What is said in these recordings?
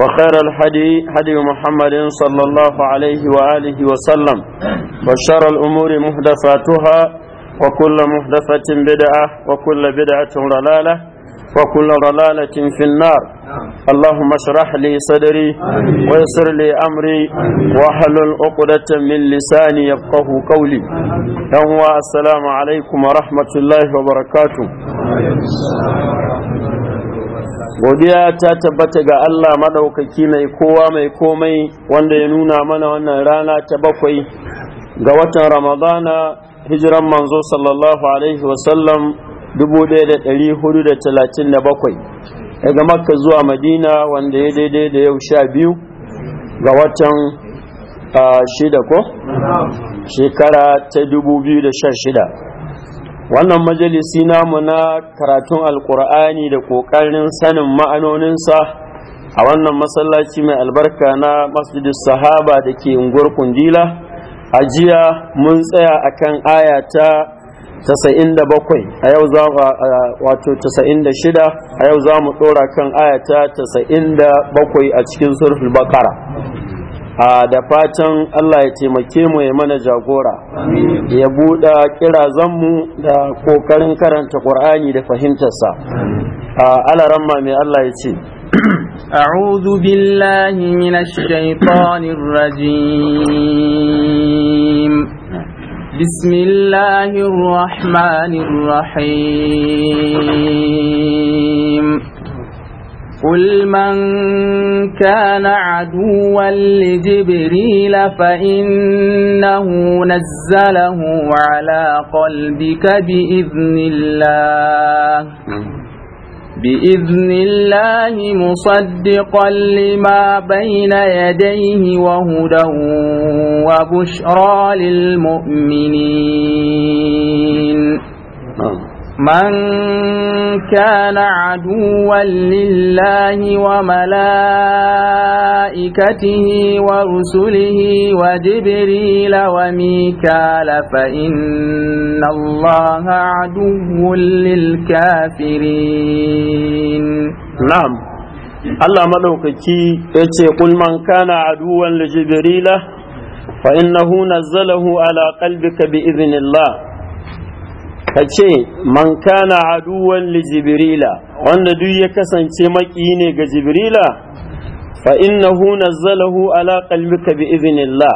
وخير الحدي حدي محمد صلى الله عليه وآله وسلم وشر الأمور محدثاتها وكل محدثة بدعة وكل بدعة ضلالة وكل ضلالة في النار اللهم اشرح لي صدري ويسر لي أمري واحلل عقدة من لساني يفقه قولي يوم السلام عليكم ورحمة الله وبركاته godiya ta tabbata ga Allah maɗaukaki mai kowa mai komai wanda ya nuna mana wannan rana ta bakwai ga watan ramadana hijiran manzo sallallahu alaihi wasallam 1437 daga makka zuwa madina wanda ya daidai da yau sha biyu ga watan ah, shida ko shekara ta 2016 wannan majalisi namu na karatun alkur'ani da ƙoƙarin sanin ma'anoninsa a wannan masallaci mai albarka na masjidus sahaba da ke unguwar kundila a jiya mun tsaya akan aya ta 97 a yau a yau za mu ɗora kan aya ta 97 a cikin surfil bakara a da fatan Allah ya taimake mu ya mana jagora ya buɗa buɗe mu da ƙoƙarin karanta ƙur'ani da fahimtarsa a ramma mai Allah ya ce أعوذ بالله من الشيطان الرجيم بسم الله الرحمن قل من كان عدوا لجبريل فإنه نزله على قلبك بإذن الله بإذن الله مصدقا لما بين يديه وهدى وبشرى للمؤمنين نعم. من كان عدوا لله وملائكته ورسله وجبريل وميكال فإن الله عدو للكافرين نعم الله ملوككي يتي قل من كان عدوا لجبريل فإنه نزله على قلبك بإذن الله ka ce man kana aduwan li jibrila wanda duk ya kasance maki ne ga jibrila fa innahu nazzalahu ala qalbika bi idhnillah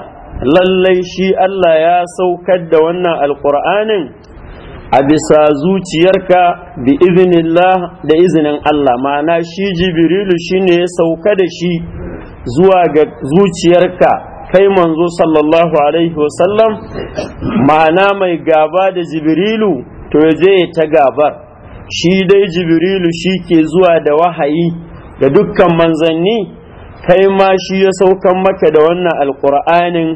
lallai shi Allah ya saukar da wannan alqur'anin a bisa zuciyarka bi idhnillah da izinin Allah ma'ana shi jibrilu shine ya sauka da shi zuwa ga zuciyarka kai manzo sallallahu alaihi wasallam ma'ana mai gaba da jibrilu to ya je ta gabar shi dai jibrilu shi ke zuwa da wahayi da dukkan manzanni kai ma shi ya saukan maka da wannan alkur'anin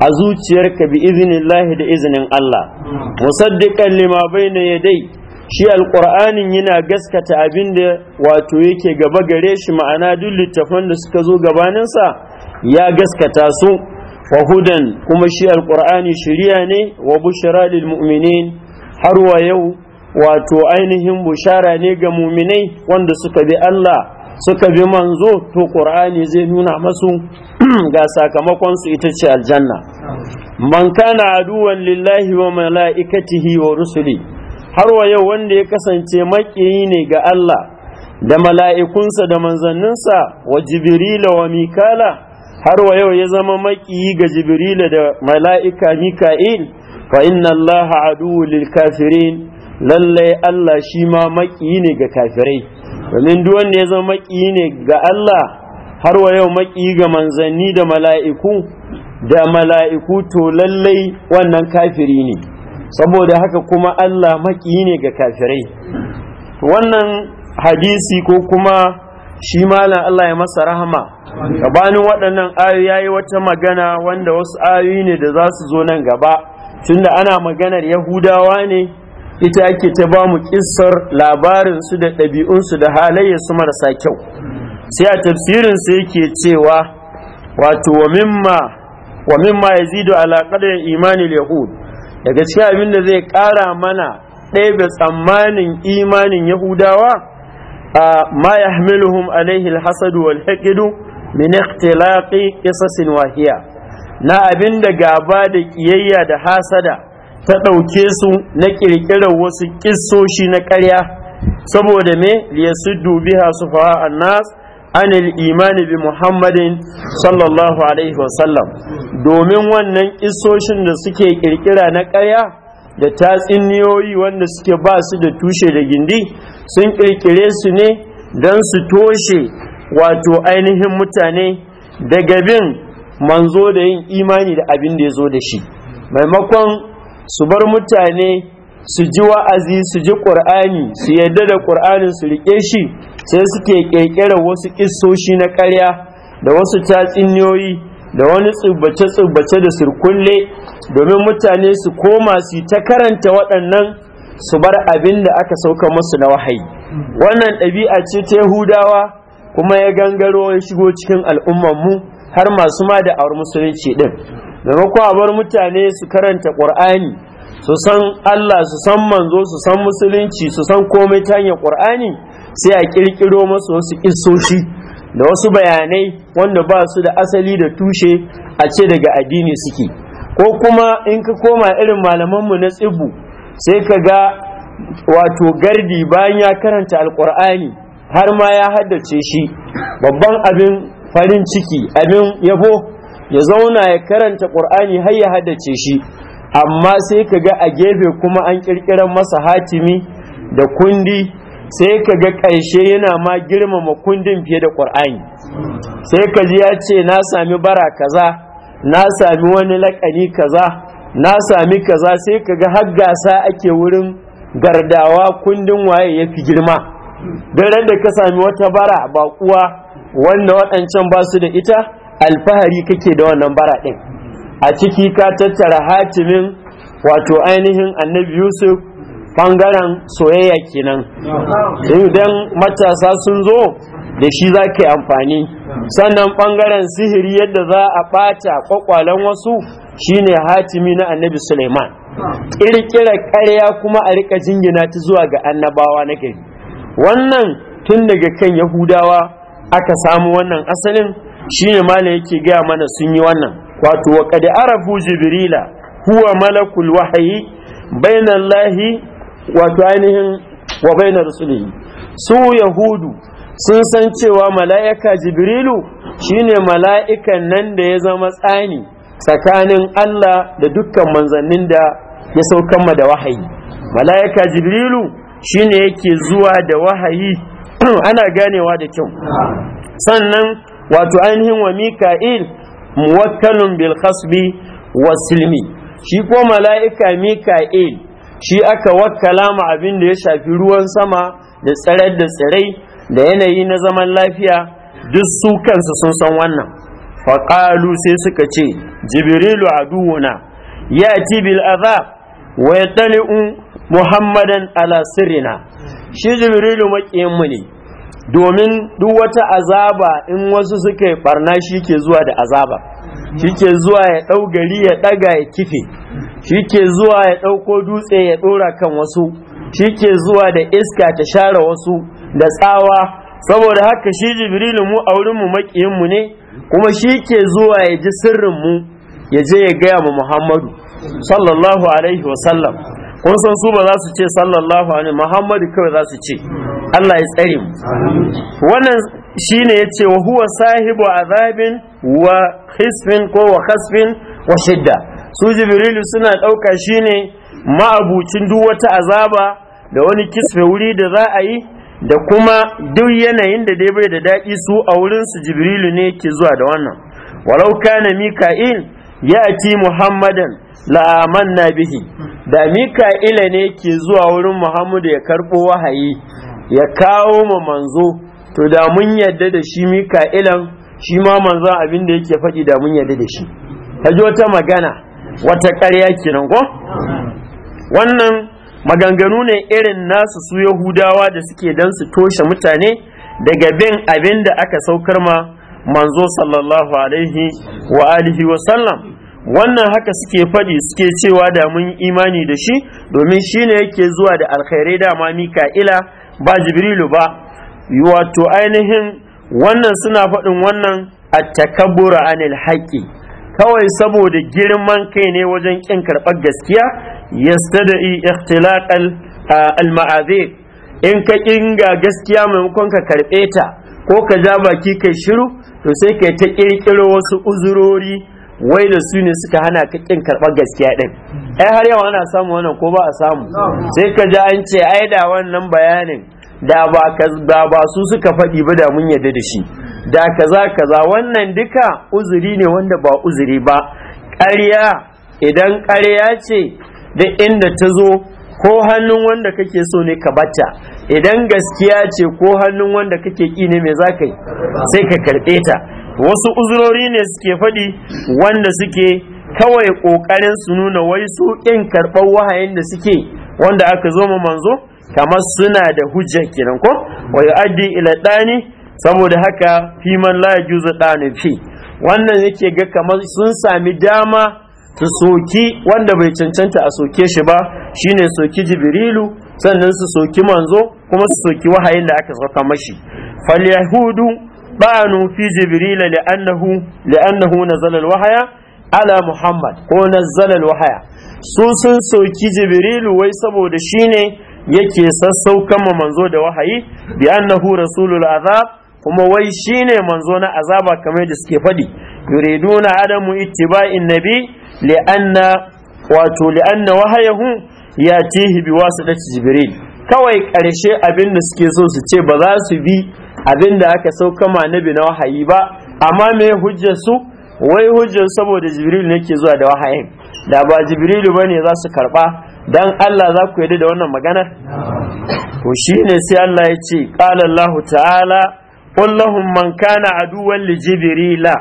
a zuciyar ka bi iznillahi da iznin Allah musaddiqan lima bayna yadai shi alkur'anin yana gaskata abin da wato yake gaba gare shi ma'ana duk littafan da suka zo gabaninsa ya gaskata su wa hudan kuma shi alqur'ani shiriya ne wa bushara lil mu'minin har wa yau wato ainihin bushara ne ga muminai wanda suka bi Allah suka bi manzo to qur'ani zai nuna masu ga sakamakon su ita ce aljanna man kana aduwan lillahi wa mala'ikatihi wa rusuli har wa yau wanda ya kasance makiyi ne ga Allah da mala'ikunsa da manzanninsa wa jibrila wa mikala har wa yau ya zama makiyi ga jibrila da mala'ika mika'il fa inna Allah aduwwu lil kafirin lallai Allah shi ma maƙiyi ne ga kafirai domin duk wanda ya zama maƙiyi ne ga Allah har wa yau maƙiyi ga manzanni da mala'iku da mala'iku to lallai wannan kafiri ne saboda haka kuma Allah maƙiyi ne ga kafirai wannan hadisi ko kuma shi malam Allah ya masa rahama gabanin waɗannan ayoyi yayi wata magana wanda wasu ayoyi ne da za su zo nan gaba tunda ana maganar yahudawa ne ita ake ta ba mu kissar labarin da ɗabi'un da halayyar su marasa kyau sai a tafsirin su yake cewa wato wa mimma wa mimma yazidu ala qadri imanil yahud daga cikin abin da zai ƙara mana ɗebe tsammanin imanin yahudawa A ma yahmiluhum alaihi alhasadu wal haqidu min ikhtilaqi qisasin wahiya na abinda gaba da ƙiyayya da hasada ta ɗauke su na ƙirƙirar wasu ƙissoshi na ƙarya saboda me liyasuddu biha sufaha annas an imani bi muhammadin sallallahu alaihi wasallam domin wannan ƙissoshin da suke ƙirƙira na ƙarya da tatsuniyoyi wanda suke basu da tushe da gindi sun ƙirƙire su ne don su toshe wato ainihin mutane daga bin manzo da yin imani da abin da ya zo da shi maimakon su bar mutane su ji wa'azi su ji ƙur'ani su yadda da ƙur'anin su riƙe shi sai suke ƙirƙirar wasu ƙisoshi na ƙarya da wasu tatsuniyoyi da wani tsubbace-tsubbace da surkulle domin mutane su koma su ta karanta waɗannan su bar abin da aka sauka musu na wahayi wannan ɗabi'a ce ta yahudawa kuma ya gangaro ya shigo cikin al'ummanmu har masu ma da awar musulunci ɗin maimakon a bar mutane su karanta ƙur'ani su san allah su san manzo su san musulunci su san komai ta hanyar ƙur'ani sai a ƙirƙiro masu wasu ƙisoshi da wasu bayanai wanda ba su da asali da tushe a ce daga addini suke ko kuma in ka koma irin malamanmu na tsibu sai ka ga wato gardi bayan ya karanta alkur'ani har ma ya haddace shi babban abin farin ciki abin yabo ya zauna ya karanta ƙur'ani har ya haddace shi amma sai ka ga a gefe kuma an ƙirƙirar masa hatimi da kundi sai ka ga ƙarshe yana ma girmama kundin fiye da ƙur'ani sai ka ji ya ce na sami bara kaza na sami wani laƙani kaza na sami kaza sai ka ga har gasa ake wurin gardawa kundin waye ya fi girma don da ka sami wata bara ba kuwa wannan waɗancan ba su da ita alfahari kake da wannan bara ɗin a ciki ka tattara hatimin wato ainihin annabi yusuf ɓangaren soyayya kenan idan matasa sun zo da shi za ka yi amfani sannan ɓangaren sihiri yadda za a ɓata ƙwaƙwalen wasu shine hatimi na annabi Suleiman, kirkira karya kuma a rika jingina ta zuwa ga annabawa na gari wannan tun daga kan yahudawa aka samu wannan asalin shine mala yake gaya mana sun yi wannan wato wa arafu jibrila huwa malakul wahyi lahi wato ainihin wa bainar rasulihi su yahudu sun san cewa mala'ika jibrilu shine mala'ikan nan da ya zama tsani tsakanin Allah da dukkan manzannin da ya saukan ma da wahayi mala'ika jibrilu shine yake zuwa da wahayi ana ganewa da kyau sannan wato ainihin wa mika'il muwakkalun bil khasbi wa silmi shi ko mala'ika mika'il shi aka wakkala ma abin da ya shafi ruwan sama da tsare da tsirai da yanayi na zaman lafiya duk su kansu sun san wannan faƙalu sai suka ce jibrilu aduna ya ci bil azab wa yatali'u muhammadan ala sirrina shi jibrilu maƙiyanmu ne domin duk wata azaba in wasu suka yi barna shi ke zuwa da azaba shi ke zuwa ya ɗau gari ya ɗaga ya kife shi ke zuwa ya ɗauko dutse ya ɗora kan wasu shi ke zuwa da iska ta share wasu da tsawa saboda haka shi jibrilu mu a wurinmu maƙiyinmu ne kuma shi ke zuwa ya ji sirrinmu ya je ya gaya ma Muhammadu sallallahu alaihi wasallam kun san su ba za su ce sallallahu alaihi Muhammadu kawai za su ce Allah ya tsari mu wannan shi ne shine ce wa huwa sahibu azabin wa hisfin ko wa khasfin wa shidda su jibrilu suna ɗauka shi ne ma'abucin duk wata azaba da wani kisfe wuri da za a yi da kuma duk yanayin da dai bai da daɗi su a wurin su jibrilu ne ke zuwa da wannan walau kana mika'il ya ci muhammadan la'amanna bihi da mika'ila ne ke zuwa wurin muhammadu ya karɓo wahayi ya kawo ma manzo to da mun yadda da shi mika'ilan shi ma manzo abin da yake faɗi da mun yadda da shi ta wata magana wata ƙarya kenan ko wannan maganganu ne irin nasu su yahudawa da suke dan su toshe mutane daga bin abin da aka saukar ma manzo sallallahu alaihi wa alihi wa sallam wannan haka suke faɗi suke cewa da mun imani da shi domin shi ne yake zuwa da alkhairai dama mika'ila ba jibrilu ba wato ainihin wannan suna faɗin wannan a takabbura anil haƙƙi kawai saboda girman kai ne wajen ƙin karɓar gaskiya yastada'i ikhtilaq al-ma'azib in ka kinga gaskiya maimakon ka karbe ta ko ka ja baki kai shiru to sai kai ta kirkiro wasu uzurori wai da su ne suka hana ka kin karɓar gaskiya din ai har yawa ana samu wannan ko ba a samu sai ka ja an ce ai da wannan bayanin da ba da ba su suka faɗi ba da mun yarda da shi da kaza kaza wannan duka uzuri ne wanda ba uzuri ba ƙarya idan ƙarya ce duk inda ta zo ko hannun wanda kake so ne ka bata idan gaskiya ce ko hannun wanda kake ƙi ne mai za yi sai ka karɓe ta wasu uzurori ne suke faɗi wanda suke kawai ƙoƙarin su nuna wai su ƙin karɓar wahayin da suke wanda aka zo ma manzo kamar suna da hujja kenan ko wa yu'addi ila dani saboda haka fi man la yajuzu dani fi wannan yake ga kamar sun sami dama su soki wanda bai cancanta a soke shi ba shine soki jibrilu sannan su soki manzo kuma su soki wahayin da aka zaka mashi fal yahudu fi jibril li'annahu li'annahu nazala zalal wahaya. ala muhammad ko na zalal wahaya. su sun soki jibrilu wai saboda shine yake sassauka ma manzo da wahayi bi annahu rasulul azab kuma wai shine manzo na azaba kamar da suke faɗi na adamu ittiba'in nabi li'anna wato li'anna wahayahu ya tihi jibril kawai karshe abin da suke so su ce ba za su bi abin da aka sauka ma nabi na wahayi ba amma me hujjar su wai hujjar saboda jibril nake zuwa da wahayin da ba jibrilu bane za su karba dan Allah za ku yarda da wannan magana to shine sai Allah ya ce qala Allah ta'ala qul lahum man kana aduwwan li jibrila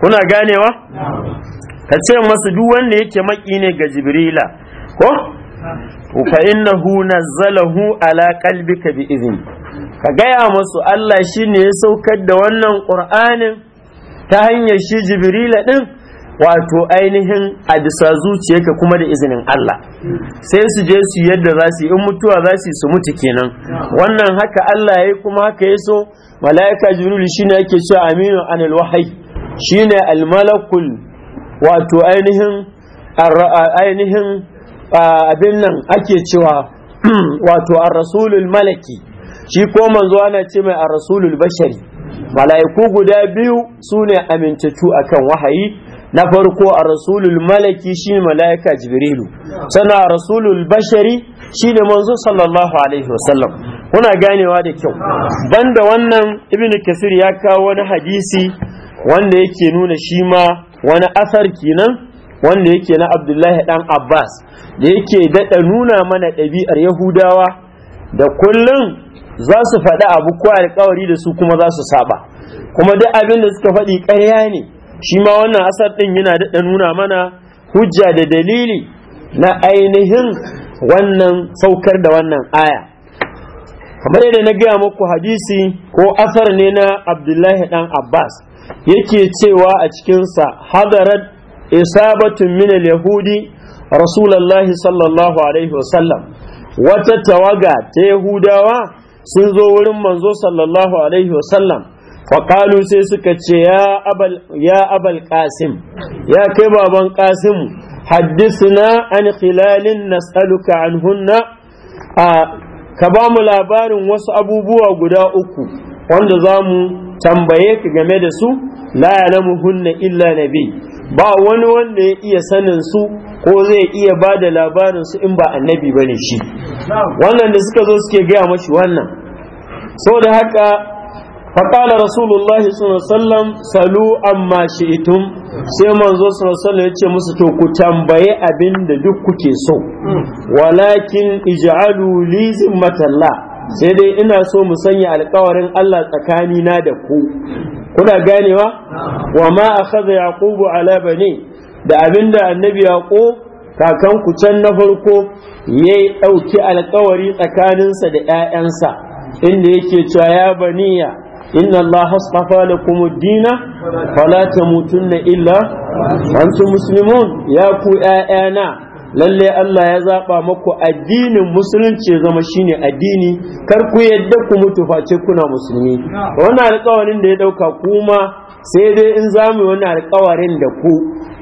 kuna ganewa ka ce masu duk wanda yake maki ne ga jibrila ko ah. fa innahu nazzalahu ala qalbika bi izin. ka gaya masu Allah shine ya saukar da wannan qur'anin ta hanyar shi jibrila din wato ainihin a bisa zuciyarka kuma da izinin Allah sai su je su yadda za su in mutuwa za su su mutu kenan wannan haka Allah ya yi kuma haka ya so mala'ika jibril shine yake cewa aminu anil wahayi shine al malakul wato ainihin ainihin abin nan ake cewa wato ar-rasulul malaki shi ko manzo ana ce mai ar-rasulul bashari mala'iku guda biyu sune amintattu akan wahayi na farko ar-rasulul malaki ne mala'ika jibrilu sana rasulul bashari shi ne manzo sallallahu alaihi wasallam kuna ganewa da kyau banda wannan ibnu kasir ya kawo wani hadisi wanda yake nuna shi ma wani asar kenan wanda yake na abdullahi dan abbas da yake daɗa nuna mana ɗabi'ar yahudawa da kullum za su faɗi abu ko alkawari da su kuma za su saba kuma duk abin da suka faɗi ƙarya ne shi ma wannan asar ɗin yana daɗa nuna mana hujja da dalili na ainihin wannan saukar da wannan aya kamar yadda na gaya muku hadisi ko asar ne na abdullahi dan abbas yake cewa a cikinsa hadarat isabatun min yahudi Rasulallah sallallahu alaihi wasallam wata tawaga ta yahudawa sun zo wurin manzo sallallahu alaihi wasallam faƙalu sai suka ce ya abal qasim ya kai baban qasim haddisuna an khilalin nas'aluka anhunna ka ba mu labarin wasu abubuwa guda uku wanda za mu tambaye ka game da su la hunna illa nabi ba wani wanda ya iya sanin su ko zai iya ba da labarin su in ba annabi bane shi wannan da suka zo suke gaya mashi wannan da haka فقال رسول الله صلى الله عليه وسلم سلوا sai manzo sallallahu alaihi yace musu to ku tambaye abinda duk kuke so hmm. walakin ij'alu li zimmatallah sai dai ina so mu sanya alkawarin Allah tsakanina da ku kuna ganewa wa ma akhadha yaqubu ala bani da abinda annabi yaqo kakan ku can na farko yayi dauki alkawari tsakaninsa da ƴaƴansa inda yake cewa ya baniya inna allaha astafa lakum ad-dina fala tamutunna illa antum muslimun ya ku ƴaƴana lalle Allah ya zaba maku addinin musulunci ya zama shine addini kar ku yadda ku mutu face kuna musulmi wannan alƙawarin da ya dauka kuma sai dai in za mu yi wani alkawarin da ku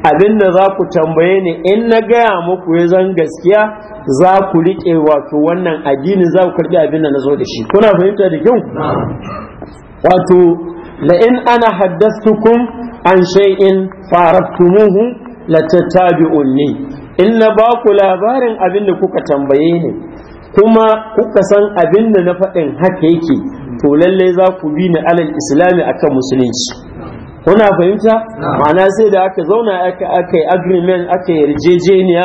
abin da za ku tambaye ni in na gaya muku ya zan gaskiya za ku riƙe wato wannan addinin za ku karɓi abin da na zo da shi kuna fahimta da kyau wato la in ana haddastukum an shay'in faraftumuhu la tattabi'unni in na ba ku labarin abin da kuka tambaye ni kuma kuka san abin da na faɗin haka yake to lallai za ku bi ni alal islami akan musulunci kuna fahimta ma'ana sai da aka zauna aka aka agreement aka yarjejeniya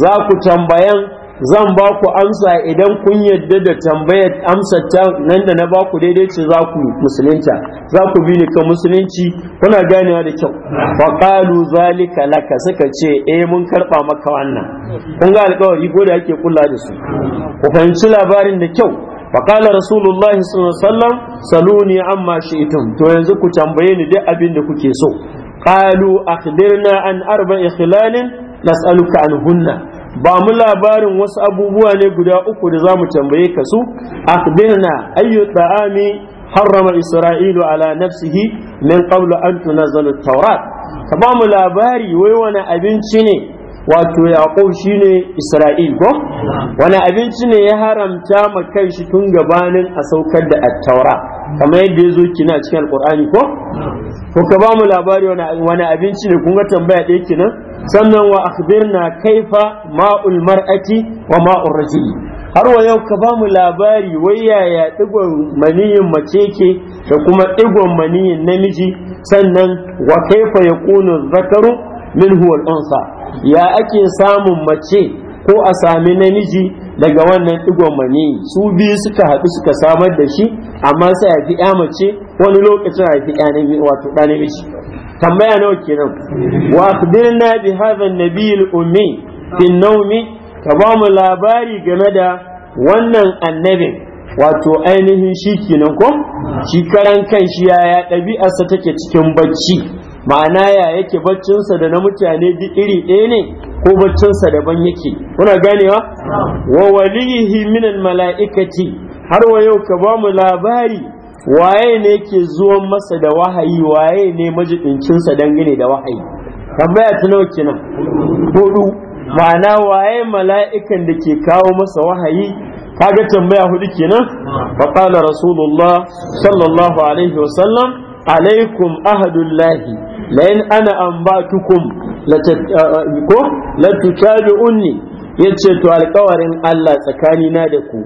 za ku tambayan zan ba ku amsa idan kun yadda da tambayar amsa ta nan da na ba ku daidai ce za ku musulunta za ku bi ni ka musulunci kuna ganewa da kyau fa qalu zalika laka suka ce eh mun karɓa maka wannan kun ga alƙawari ko da ake kula da su ku fahimci labarin da kyau fa qala rasulullahi sallallahu alaihi wasallam saluni amma shi'tum to yanzu ku tambaye ni duk abin da kuke so qalu akhbirna an arba'i khilalin nas'aluka anhunna ba mu labarin wasu abubuwa ne guda uku da za mu tambaye ka su akhbirna ayyu ta'ami harrama isra'ilu ala nafsihi min qablu an tunazzalu tawrat ka ba mu labari wai wani abinci ne wato yaqub shine isra'il ko wani abinci ne ya haramta ma shi tun gabanin a saukar da attaura kamar yadda ya zo kina cikin alqur'ani ko ko ka bamu labari wani abinci ne kun ga tambaya ɗaya kenan sannan wa akhbirna kaifa ma'ul mar'ati wa ma'ur rajul har wa yau ka bamu labari wai yaya digon maniyin mace ke da kuma digon maniyin namiji sannan wa kaifa yakunu zakaru min huwa al-unsa ya ake samun mace ko a sami namiji daga wannan digon mani su biyu suka haɗu suka samar da shi amma sai a ya mace wani lokacin fi ya namiji wato ɗa namiji tambaya nawa kenan wa akhbirna bi hadha an-nabiy al-ummi fi an ka ba mu labari game da wannan annabin wato ainihin shi kenan ko shi karan kan shi yaya ɗabi'arsa take cikin bacci ma'ana ya yake baccinsa da na mutane duk iri ɗaya ne ko baccinsa daban yake kuna ganewa wa waliyihi minan mala'ikati har wa yau ka ba mu labari waye ne ke zuwan masa da wahayi waye ne majibincinsa dangane da wahayi tambaya ta nawa kenan hudu ma'ana waye mala'ikan da ke kawo masa wahayi kaga tambaya hudu kenan fa qala rasulullah sallallahu alaihi wasallam alaikum ahadullahi lain ana ambatukum ko latutabi'unni yace to alkawarin Allah tsakani na da ku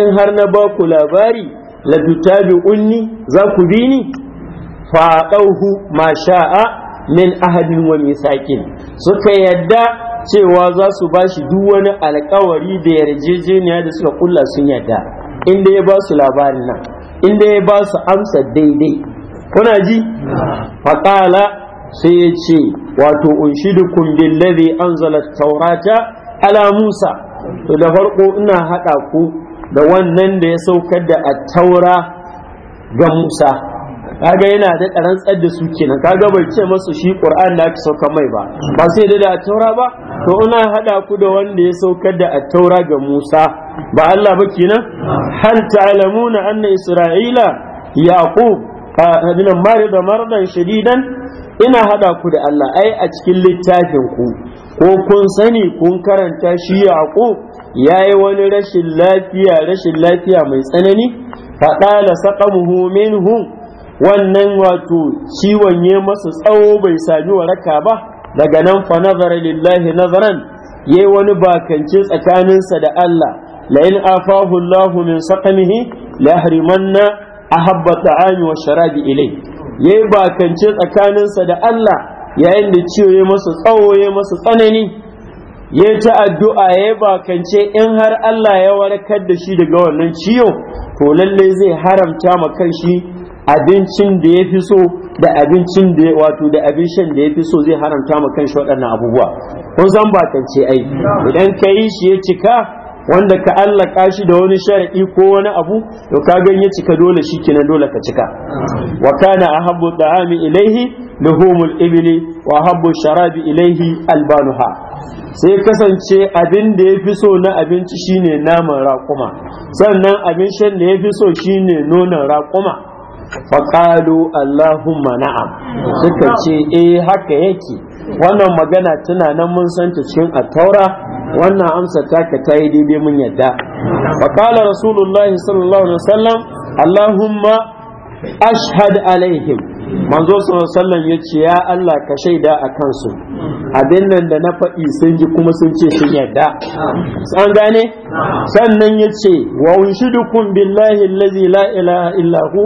in har na ba ku labari latutabi'unni za ku bi ni faqauhu ma sha'a min ahadin wa misakin suka yadda cewa za su ba duk wani alkawari da yarjejeniya da suka kulla sun yadda inda ya ba su labarin nan inda ya ba su amsa daidai kuna ji faƙala sai ya ce wato unshidukum billazi anzala taurata ala Musa to da farko ina hada ku da wannan da ya saukar da a taura ga Musa kaga yana da rantsar da su kenan kaga bai ce masu shi Qur'an da aka sauka mai ba ba sai da da taura ba to ina haɗa ku da wanda ya saukar da a taura ga Musa ba Allah ba kenan hal ta'lamuna anna Isra'ila Yaqub hadinan mari da mardan shadidan ina hada ku da Allah ai a cikin littafin ku ko kun sani kun karanta shi yaqo yayi wani rashin lafiya rashin lafiya mai tsanani faɗala saqamuhu minhu wannan wato ciwon ya masa tsawo bai sami waraka ba daga nan fa nazara lillahi nazaran yayi wani bakance tsakaninsa da Allah la in afahu Allahu min saqamihi la harimanna ahabba ta'ami wa sharabi ilai yayi bakance tsakaninsa da Allah yayin da ciwo ya masa tsawo ya masa tsanani ya ta addu'a yayi bakance in har Allah ya warkar da shi daga wannan ciwo to lalle zai haramta ma shi abincin da ya fi so da abincin da wato da abin shan da ya fi so zai haramta ma shi waɗannan abubuwa kun san bakance ai idan ka yi shi ya cika wanda ka allaka shi da wani shar'i ko wani abu to ka ganye cika dole shi kenan dole ka cika wa kana ahabbu da'ami ilaihi luhumul ibli wa ahabbu sharabi ilaihi albanuha sai kasance abin da yafi so na abinci shine naman raƙuma sannan abin shan da yafi so shine nonon raƙuma faƙalu Allahumma na'am suka ce eh haka yake wannan magana tana nan mun san ta cikin attaura wannan amsa taka ta yi daidai mun yadda wa kala rasulullah sallallahu alaihi wasallam allahumma ashhad alaihim manzo sallallahu alaihi yace ya Allah ka shaida a kansu abin nan da na faɗi sun ji kuma sun ce sun yadda san gane sannan yace wa unshidukum billahi allazi la ilaha illa hu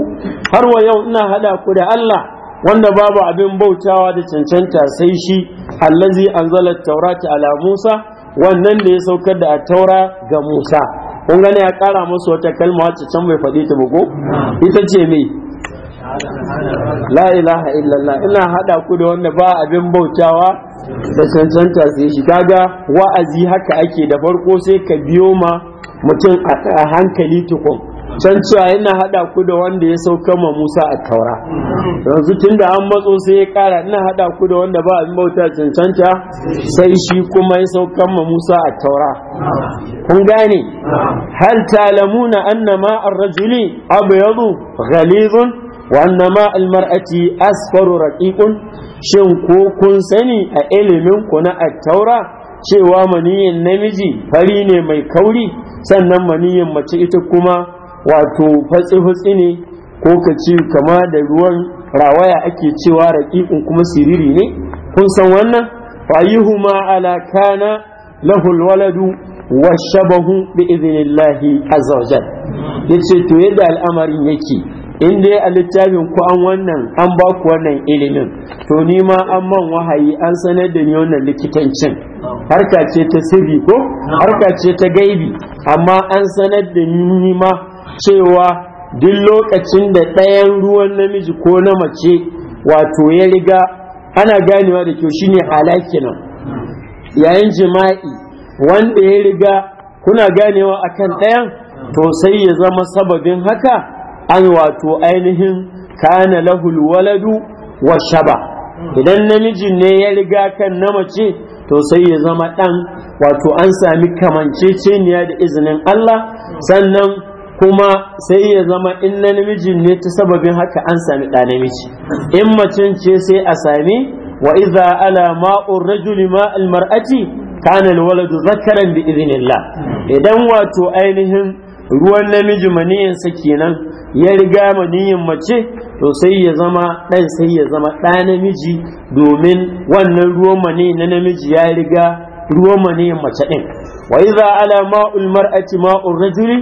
har wa yau ina hada ku da Allah wanda babu abin bautawa da cancanta sai shi allazi anzala taurata ala Musa wannan da ya saukar da taura ga Musa kun gane ya kara musu wata kalma wacce can bai faɗi ta ko ita ce me la ilaha illallah ina hada ku da wanda ba abin bautawa da cancanta sai shi kaga wa'azi haka ake da farko sai ka biyo ma mutum a hankali tukun can cewa yana haɗa ku da wanda ya sauka ma Musa a taura yanzu tunda an matso sai ya kara, ina haɗa ku da wanda ba abin bauta cancanta sai shi kuma ya sauka ma Musa a taura kun gane hal talamuna annama ar-rajuli abyadu ghalizun al- marati asfaru raqiqun shin ko kun sani a ilimin ku na taura? cewa maniyin namiji fari ne mai kauri sannan maniyin mace ita kuma wato fatsi-fatsi ne ko ka ce kama da ruwan rawaya ake cewa raƙiƙin kuma siriri ne kun san wannan fayihuma ala kana lahul waladu wa shabahu bi idhnillahi azza wa yace to yadda al'amarin yake in dai a littafin ku an wannan an ba ku wannan ilimin to ni ma an man wahayi an sanar da ni wannan likitancin harka ce ta sirri ko harka ce ta gaibi amma an sanar da ni ma cewa duk lokacin da ɗayan ruwan namiji ko na mace wato ya riga ana ganewa da kyau shine halaki nan yayin jima'i wanda ya riga kuna ganewa akan ɗayan to sai ya zama sababin haka an wato ainihin kana lahul waladu wa shaba idan namijin ne ya riga kan na mace to sai ya zama ɗan wato an sami kamanceceniya da izinin Allah sannan kuma sai ya zama in na namijin ne ta sababin haka an sami ɗa namiji in macen ce sai a sami wa iza ala ma'ur rajuli ma almar'ati kana alwaladu zakaran bi idhnillah idan wato ainihin ruwan namiji maniyin sa kenan ya riga maniyin mace to sai ya zama ɗan sai ya zama ɗa namiji domin wannan ruwan maniyin na namiji ya riga ruwan maniyin mace ɗin wa idza ala ma'ul mar'ati ma'ur rajuli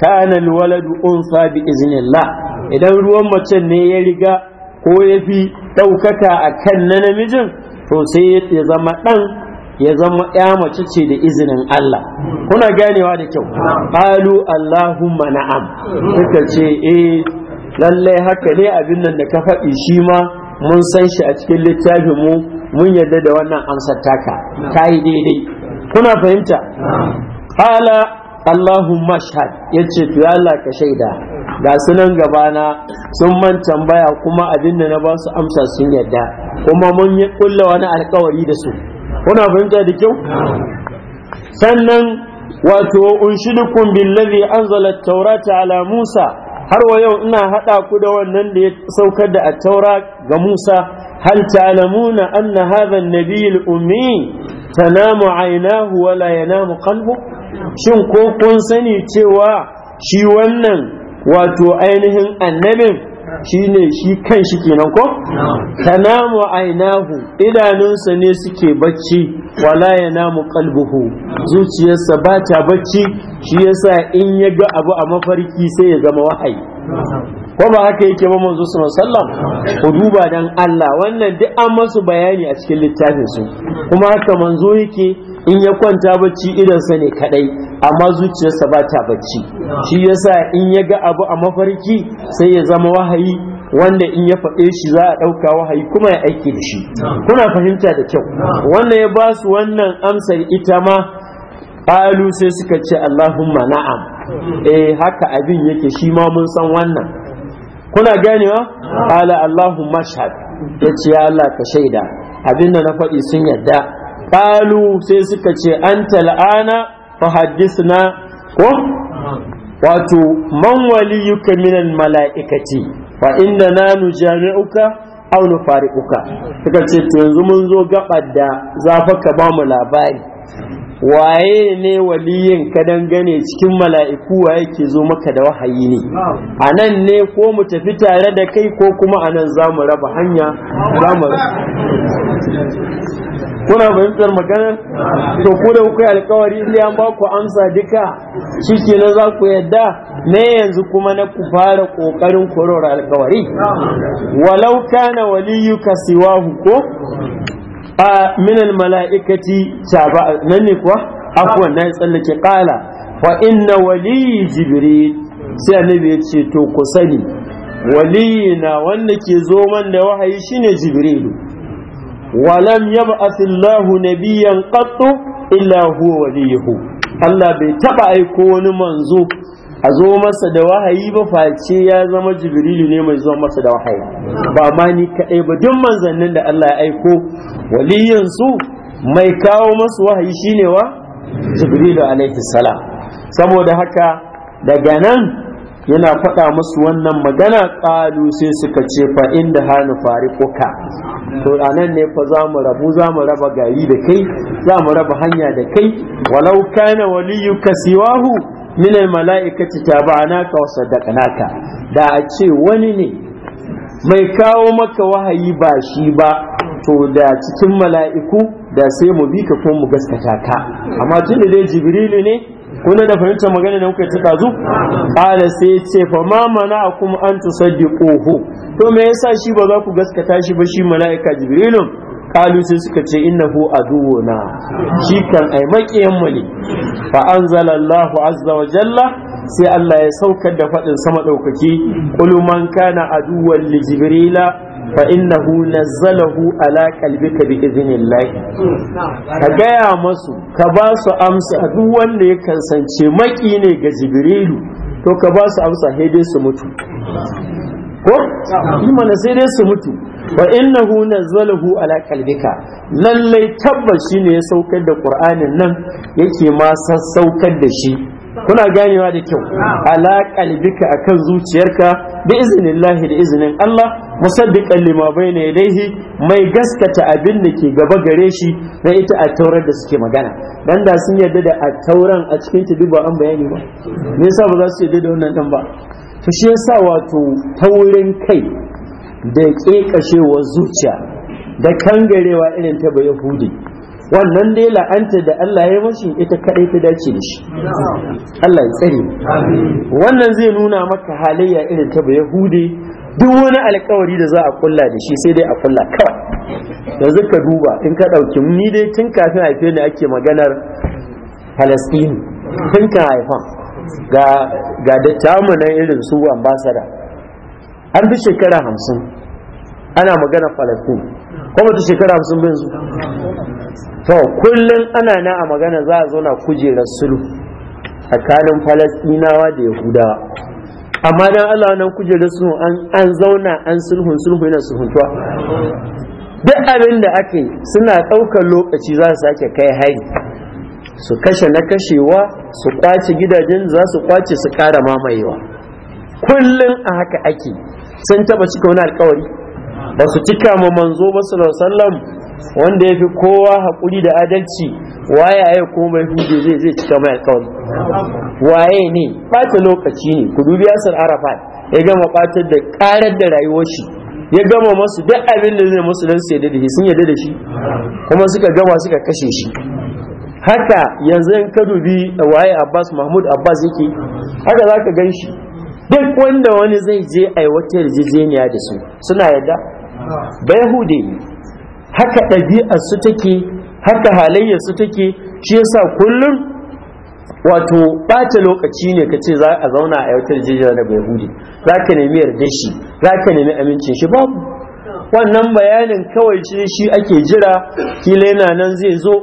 kana alwaladu unsa bi iznillah idan ruwan mace ne ya riga ko ya fi ɗaukaka a kan na namijin to sai ya zama ɗan ya zama ya mace ce da izinin Allah kuna ganewa da kyau qalu allahumma na'am suka ce eh lallai haka ne abin nan da ka faɗi shi ma mun san shi a cikin littafin mu mun yarda da wannan amsar taka ta daidai kuna fahimta qala allahumma shahad yace to ya Allah ka shaida ga sunan gabana sun man tambaya kuma abin da na ba su amsa sun yadda kuma mun yi kulla wani alkawari da su kuna fahimta da kyau sannan wato unshidukum billazi anzala at-taurata ala musa har wa yau ina haɗa ku da wannan da ya saukar da attaura ga Musa hal ta'lamuna anna hadha an-nabiy al-ummi tanamu ainahu wala yanamu qalbu shin ko kun sani cewa shi wannan wato ainihin annabin shi ne shi kan shi kenan ko tanamu ainahu idanunsa ne suke bacci wala yanamu qalbuhu zuciyarsa ba ta bacci shi yasa in ya ga abu a mafarki sai ya zama wahayi ko ba haka yake ba manzo alaihi sallam ku duba dan Allah wannan duk an masu bayani a cikin littafin su kuma haka manzo yake in ya kwanta bacci sa ne kadai amma zuciyarsa ba ta bacci shi yasa in ya ga abu a mafarki sai ya zama wahayi wanda in ya faɗe shi za a ɗauka wahayi kuma ya aiki da shi kuna fahimta da kyau wannan ya ba su wannan amsar ita ma alu sai suka ce Allahumma na'am eh haka abin yake shi ma mun san wannan kuna ganewa ala Allahu mashhad yace ya Allah ka shaida abinda na faɗi sun yadda qalu sai suka ce anta la'ana fa na ko wato man waliyuka minan mala'ikati fa inna na au aw nufariquka suka ce to yanzu mun zo gabar da zafa ka ba mu labari waye ne waliyin ka dangane cikin mala'iku waye ke zo maka da wahayi ne a nan ne ko mu tafi tare da kai ko kuma a nan za mu raba hanya za mu kuna fahimtar magana to ku da kuka alkawari sai an ba ku amsa duka shikenan za ku yadda ne yanzu kuma na ku fara kokarin korora alkawari walau kana waliyuka siwahu ko a minal mala'ikati taba nan ne kuwa afwan na tsallake qala fa inna wali jibril sai annabi ya ce to ku sani na wanda ke zo man da wahayi shine jibrilu walam yab'ath Allah nabiyyan qattu illa huwa waliyuhu Allah bai taba aiko wani manzo a zo masa da wahayi ba face ya zama jibrilu ne mai zuwa masa da wahayi ba ma ni kaɗai ba duk manzannin da Allah ya aiko su mai kawo masu wahayi shine wa jibrilu alaihi salam saboda haka daga nan yana faɗa musu wannan magana ƙalu sai suka ce fa inda hannu fari kuka to a ne fa za mu rabu za mu raba gari da kai za mu raba hanya da kai walau kana waliyu kasiwahu minal mala'ikati tabanaka wa saddaqnaka da a ce wani ne mai kawo maka wahayi ba shi ba to da cikin mala'iku da sai mu bi ka ko mu gaskata ka amma tun da dai jibrilu ne kuna da fahimtar magana da kuka tuka zu kala sai ya ce fa ma mana kuma an tusaddiquhu to me yasa shi ba za ku gaskata shi ba shi mala'ika jibrilu kalu sai suka ce innahu aduwuna shi kan ai makiyan mu ne fa anzalallahu azza wa jalla sai Allah ya saukar da fadin sama daukaki qul man kana aduwan li jibrila fa innahu nazzalahu ala qalbika bi idhnillah ka gaya masu ka ba su amsa duk wanda ya kansance maki ne ga jibrilu to ka ba su amsa sai dai su mutu ko imana sai dai su mutu wa innahu nazzalahu ala qalbika lallai tabbas shine ya saukar da qur'anin nan yake ma sassaukar da shi kuna ganewa da kyau ala qalbika akan zuciyarka bi iznillahi da iznin Allah musaddiqan lima bayna yadayhi mai gaskata abin da ke gaba gare shi na ita a taurar da suke magana dan da sun yarda da a tauran a cikin ta ba an bayani ba me yasa ba za su yarda da wannan dan ba to shi yasa wato taurin kai da ƙeƙashewar zuciya da kangarewa irin ta bai yahudi wannan dai la'anta da Allah ya mashi ita kadai ta dace da shi Allah ya tsare wannan zai nuna maka halayya irin ta bai yahudi duk wani alkawari da za a kulla da shi sai dai a kulla kawai yanzu ka duba in ka ɗauki ni dai tun kafin haife ne ake maganar falastini tun ka haifan ga dattamu na irin su ambasada an fi shekara hamsin ana magana falafin kuma ta shekara hamsin bin su to kullum ana na a magana za a zauna kujerar sulhu tsakanin falastinawa da yahudawa amma dan allah nan kujerar sulhu an zauna an sulhun sulhu yana sulhuntuwa duk abin da ake suna ɗaukar lokaci za su sake kai hari su kashe na kashewa su kwace gidajen za su kwace su ƙara mamayewa kullum a haka ake sun taba cika wani alkawari ba su cika ma manzo ba sallam wanda ya fi kowa haƙuri da adalci waye a ko mai hudu zai zai cika mai alkawari waye ne ɓata lokaci ne ku dubi yasir arafat ya gama ɓatar da ƙarar da rayuwar shi ya gama masu duk abin da zai musu don su yadda da shi sun yadda da shi kuma suka gama suka kashe shi haka yanzu in ka dubi waye abbas mahmud abbas yake haka za ka gan shi duk wanda wani zai je a wata yarjejeniya da su suna yadda ba yahude ne haka ɗabi'ar su take haka halayyar su take shi yasa kullum wato ɓata lokaci ne ka ce za a zauna a wata yarjejeniya da bai hudu za ka nemi yarda shi za ka nemi amincin shi babu wannan bayanin kawai ce shi ake jira kila yana nan zai zo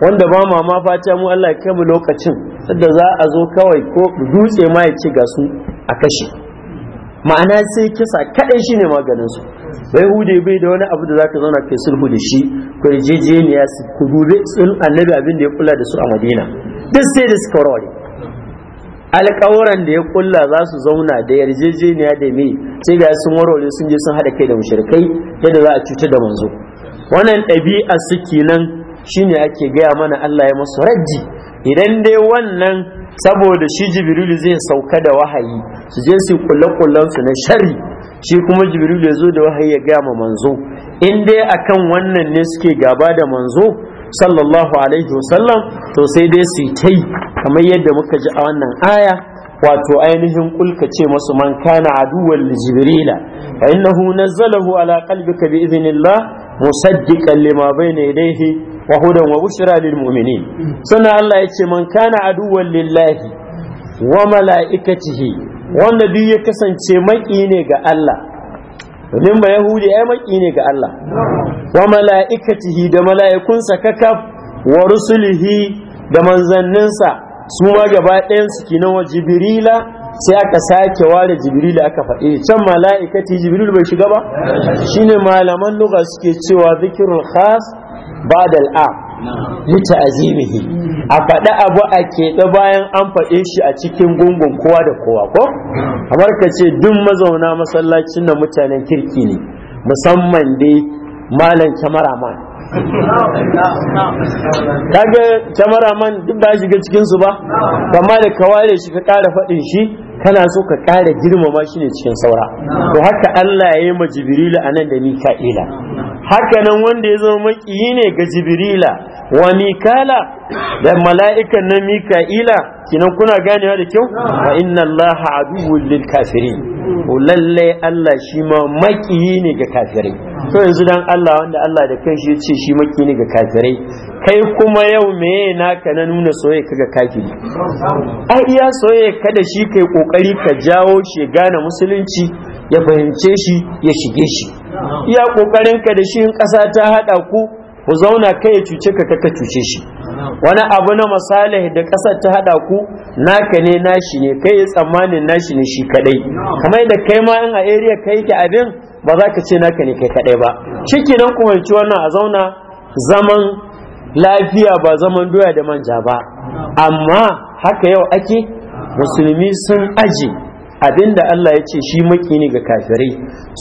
wanda ba ma ma fata mu Allah ya kai mu lokacin sadda za a zo kawai ko dutse ma ya ci ga su a kashe ma'ana sai kisa kaɗai shine maganin su bai hude bai da wani abu da za ka zauna kai sulhu da shi ko yarjejeniya su ku gobe sun annabi abin da ya kula da su a Madina duk sai da suka warware alƙawuran da ya kulla za su zauna da yarjejeniya da me sai ga sun warware sun je sun haɗa kai da mushrikai yadda za a cutar da manzo wannan ɗabi'a suke nan shine ake gaya mana Allah ya masu rajji idan dai wannan saboda shi jibrilu zai sauka da wahayi su je su kulle su na shari shi kuma jibril ya zo da wahayi ya gaya ma manzo in dai akan wannan ne suke gaba da manzo sallallahu alaihi wasallam to sai dai su tai kamar yadda muka ji a wannan aya wato ainihin kulka ce masu man kana aduwwan li jibrila fa innahu nazzalahu ala qalbika bi idhnillah musaddiqan lima bayna yadayhi wa hudan wa bushra lil mu'minin sannan Allah yace man kana lillahi wa mala'ikatihi wanda duk ya kasance maki ne ga Allah domin ba yahudi ai maki ne ga Allah wa mala'ikatihi da mala'ikunsa kakaf wa rusulihi da manzanninsa su ma gaba ɗayan su kinan wa jibrila sai aka sake ware jibrilu aka faɗi can mala'ikati jibrilu bai shiga ba shine malaman lugha suke cewa zikrul khas badal a. li a faɗi abu a keɓe bayan an faɗe shi a cikin gungun kowa da kowa ko kamar ka ce duk mazauna masallacin na mutanen kirki ne musamman dai malam kyamaraman kaga kyamaraman duk ba shiga cikin su ba kama da ka ware shi ka ƙara faɗin shi kana so ka ƙara girmama shi ne cikin saura to haka Allah ya yi ma Jibrilu anan da Mika'ila haka nan wanda ya zama makiyi ne ga Jibrila wa mikala da mala'ikan na mika'ila kinan kuna ganewa da kyau wa inna allaha aduwwul lil kafirin lalle Allah shi ma makiyi ne ga kafirai to yanzu dan Allah wanda Allah da kan shi ce shi maki ne ga kafirai kai kuma yau meye naka na nuna soyayya ka ga kafiri ai iya soyayya ka shi kai kokari ka jawo shi gane musulunci ya fahimce shi ya shige shi iya kokarin ka da shi in ƙasa ta hada ku ku zauna kai ya cuce ka kaka cuce shi wani abu na masalih da ƙasar ta haɗa ku naka ne nashi ne kai ya tsammanin nashi ne shi kadai kamar da kai ma in a area kai yake abin ba za ka ce naka ne kai kadai ba ciki nan ku wanci wannan a zauna zaman lafiya ba zaman doya da manja ba amma haka yau ake musulmi sun aji abinda Allah ya ce shi maki ne ga kafirai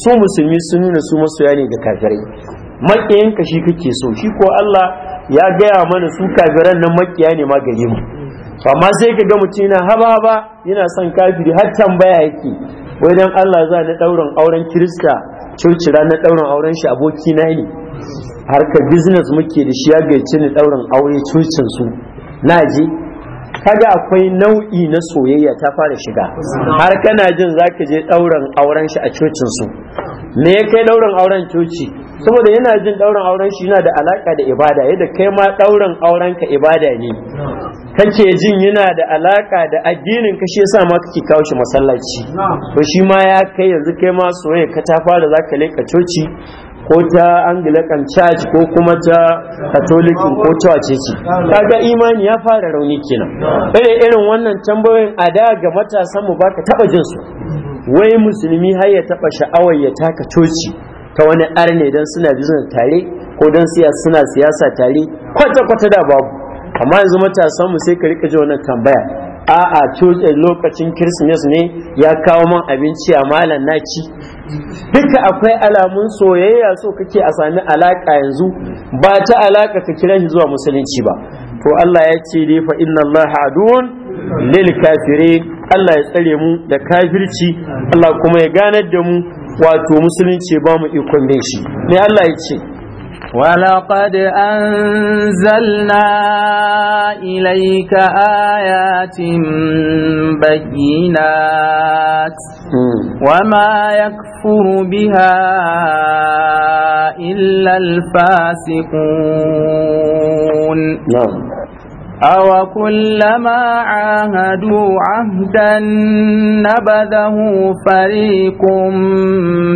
su musulmi sun nuna su masoya ne ga kafirai ka shi kake so shi ko Allah ya gaya mana su kafiran nan makiya ne ma gare mu amma sai ka ga mutum yana haba haba yana son kafiri har tambaya yake wai dan Allah za na dauran auren Kirista coci na dauran auren shi aboki na ne harkar business muke da shi ya gaice ni dauran aure cocin su na je kaga akwai nau'i na soyayya ta fara shiga har kana jin zaka je dauran auren shi a cocin su me ya kai ɗauran auren coci saboda yana jin ɗaurin auren shi yana da alaka da ibada yadda kai ma ɗaurin auren ka ibada ne kake jin yana da alaka da addinin ka shi yasa ma kake kawo shi masallaci to shi ma ya kai yanzu kai ma soyayya ka ta fara zaka leka coci ko ta anglican church ko kuma ta catholic ko ta wace ce kaga imani ya fara rauni kenan bare irin wannan tambayoyin a da ga matasan mu baka taba jin su wai musulmi har ya taba sha'awar ya taka coci ta wani arne don suna biznes tare ko don suna siyasa tare kwata-kwata da babu amma yanzu matasan mu sai ka rika ji wannan tambaya a'a eh, lokacin kirsimes ne ya kawo man abinci a malam na ci duka akwai alamun soyayya so kake a sami alaka yanzu ba ta alaka ka kira shi zuwa musulunci ba to Allah ya ce dai fa inna Allah aduwwun lil kafirin Allah ya tsare mu da kafirci Allah kuma ya ganar da mu wato musulunci bamu ikon bin shi mai Allah ya ce wala kada an ilaika ayatin bagina hmm. wa ma ya kufuru bi أو كلما عاهدوا عهدا نبذه فريق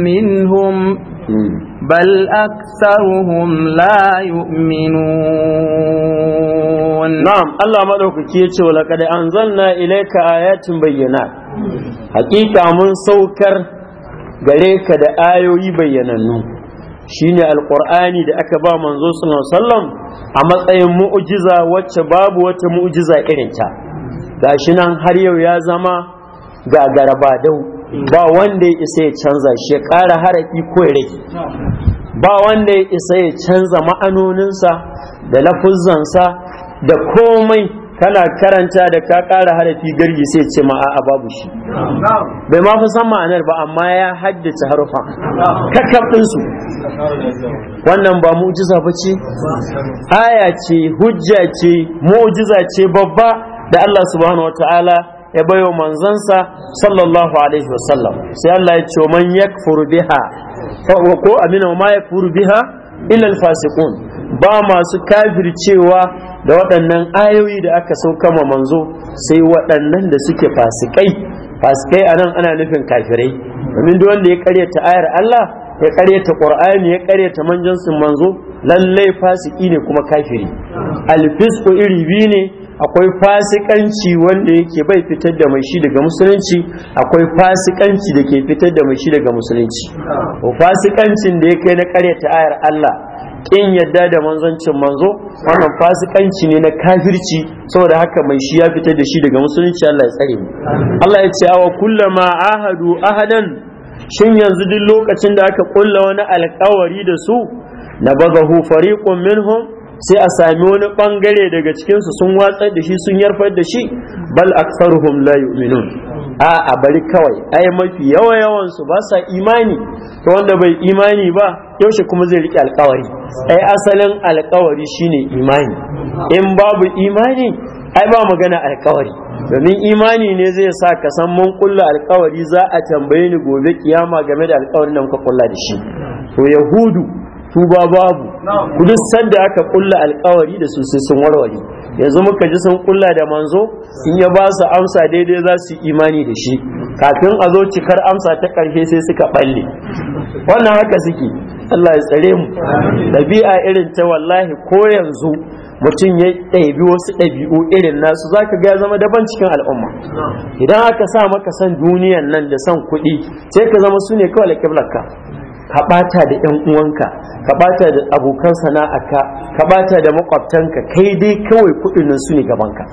منهم بل أكثرهم لا يؤمنون نعم الله مدعوك كيتش ولقد أنزلنا إليك آيات بينات حقيقة من سوكر gare ka da ayoyi shine alqur'ani da aka ba manzo sallallahu alaihi a matsayin mu'ujiza wacce babu wata mu'jiza irinta gashi nan har yau ya zama ga dau ba wanda ya isa ya canza shi ya ƙara harafi ko rage ba wanda ya isa ya canza ma'anoninsa da lafuzzansa da komai kana karanta da ka ƙara harafi garbi sai ce ma a babu shi bai ma fi san ma'anar ba amma ya haddace harufa kakkaɓin su wannan ba mu'jiza ba ce aya ce hujja ce mu'jiza ce babba da Allah subhanahu wata'ala ya bayo manzansa sallallahu alaihi wasallam sai Allah ya ce man yakfuru biha ko amina ma yakfuru biha illa alfasiqun ba masu kafircewa da waɗannan ayoyi da aka sauka ma manzo sai waɗannan da suke fasikai fasikai a nan ana nufin kafirai domin duk wanda ya karyata ayar Allah ya karyata Qur'ani ya karyata manjansin manzo lallai fasiki ne kuma kafiri alfisku iri biyu ne akwai fasikanci wanda yake bai fitar da mai shi daga musulunci akwai fasikanci da ke fitar da mai shi daga musulunci fasikancin da ya kai na karyata ayar Allah kin yadda da manzancin manzo wannan fasikanci ne na kafirci saboda haka mai shi ya fitar da shi daga musulunci Allah ya tsare mu Allah ya ce awa kullama ahadu ahadan shin yanzu duk lokacin da aka kulla wani alkawari da su na bazahu fariqun minhum sai a sami wani bangare daga cikinsu sun watsar da shi sun yarfar da shi bal aktsaruhum la yu'minun a a bari kawai ai mafi yawa yawan su ba sa imani to wanda bai imani ba yaushe kuma zai rike alkawari ai asalin alkawari shine imani in babu imani ai ba magana alkawari domin imani ne zai sa ka san mun kulla alkawari za a tambaye ni gobe kiyama game da alkawarin da muka kulla da shi to yahudu tuba babu kudin sanda aka kulla alkawari da su sai sun warware yanzu muka ji sun kulla da manzo in ya ba su amsa daidai za su imani da shi kafin a zo cikar amsa ta ƙarshe sai suka balle wannan haka suke Allah ya tsare mu ɗabi'a irin ta wallahi ko yanzu mutum ya ɗabi wasu ɗabi'u irin nasu za ka ya zama daban cikin al'umma idan aka sa maka san duniyan nan da san kuɗi sai ka zama su ne kawai ka. ka bata da yan uwanka ka bata da abokan sana'a ka bata da makwabtanka kai dai kawai kudin nan su ne gabanka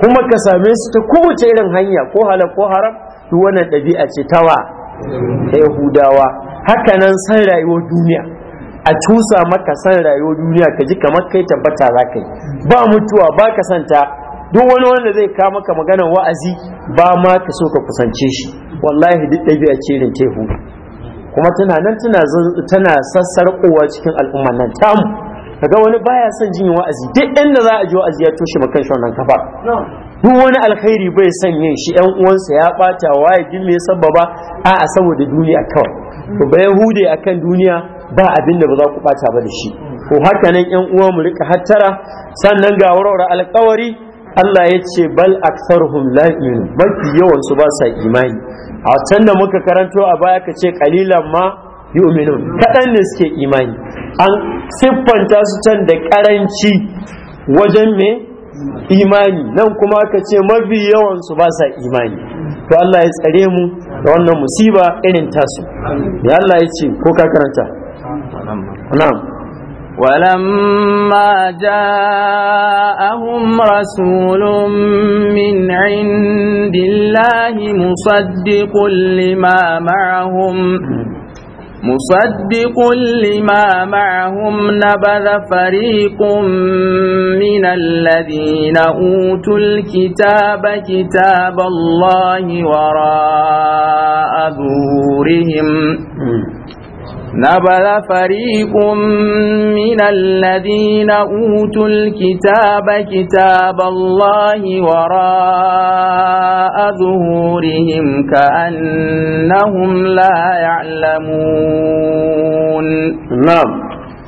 kuma ka same su ta kowace irin hanya ko halal ko haram duk wannan ɗabi'a ce tawa ta yahudawa haka nan san rayuwar duniya a cusa maka san rayuwar duniya ka ji kamar kai tabbata za ka yi ba mutuwa ba ka santa duk wani wanda zai kawo maka maganar wa'azi ba ma ka so ka kusance shi wallahi duk ɗabi'a ce irin tehu kuma tana nan tana sassarƙowa cikin al'umma nan tamu kaga wani baya son jin wa'azi duk inda za a ji wa'azi ya toshe makan shi wannan kafa duk wani alkhairi bai son yin shi yan uwansa ya bata ya din me a a'a saboda duniya kawai to ba yahude akan duniya ba abin da ba za ku bata ba da shi ko haka nan yan uwa mu rika hattara sannan ga warware alkawari Allah ya ce bal aktsaruhum la yu'minu mafi yawan su ba sa imani a can da muka karanto a baya ka ce kalilan ma yu'minun kaɗan ne suke imani an siffanta su can da ƙaranci wajen me imani nan kuma ka ce mafi yawan su ba sa imani to Allah ya tsare mu da wannan musiba irin tasu ya Allah ya ce ko ka karanta ولما جاءهم رسول من عند الله مصدق لما معهم مصدق لما معهم نبذ فريق من الذين أوتوا الكتاب كتاب الله وراء ظهورهم نبذ فريق من الذين أوتوا الكتاب كتاب الله وراء ظهورهم كأنهم لا يعلمون نعم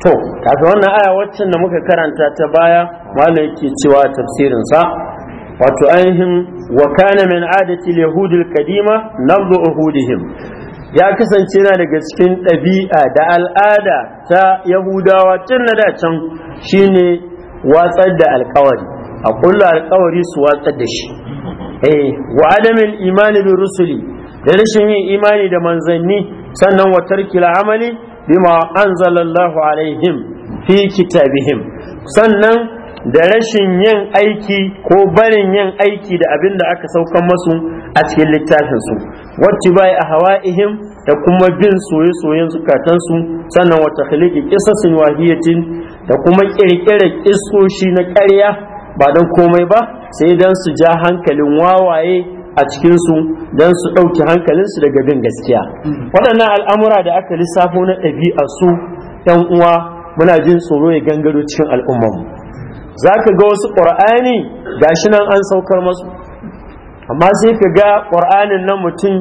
to kafin wannan aya waccan da muka karanta ta baya wanda yake cewa tafsirinsa wato ainihin wa kana min adati ya kasance na daga cikin ɗabi'a da al'ada ta yahudawa tun na da can shine watsar da alkawari a kulla alkawari su watsar da shi eh, wa adamin imani da rusuli da rashin yin imani da manzanni sannan wa tarkil amali bima anzalallahu alaihim fi kitabihim sannan da rashin yin aiki ko barin yin aiki da abin da aka saukan masu a cikin littafinsu wacce bai a ihim da kuma bin soye-soyen zukatansu sannan wata haliki kisasin wahiyatin da kuma kirkirar iskoshi na karya ba don komai ba sai don su ja hankalin wawaye a cikinsu don su ɗauki hankalinsu daga bin gaskiya waɗannan al'amura da aka lissafo na ɗabi'a su ‘yan uwa muna jin tsoro ya gangaro cikin al'ummarmu za ka ga wasu ƙur'ani gashi nan an saukar masu amma sai ka ga ƙur'anin nan mutum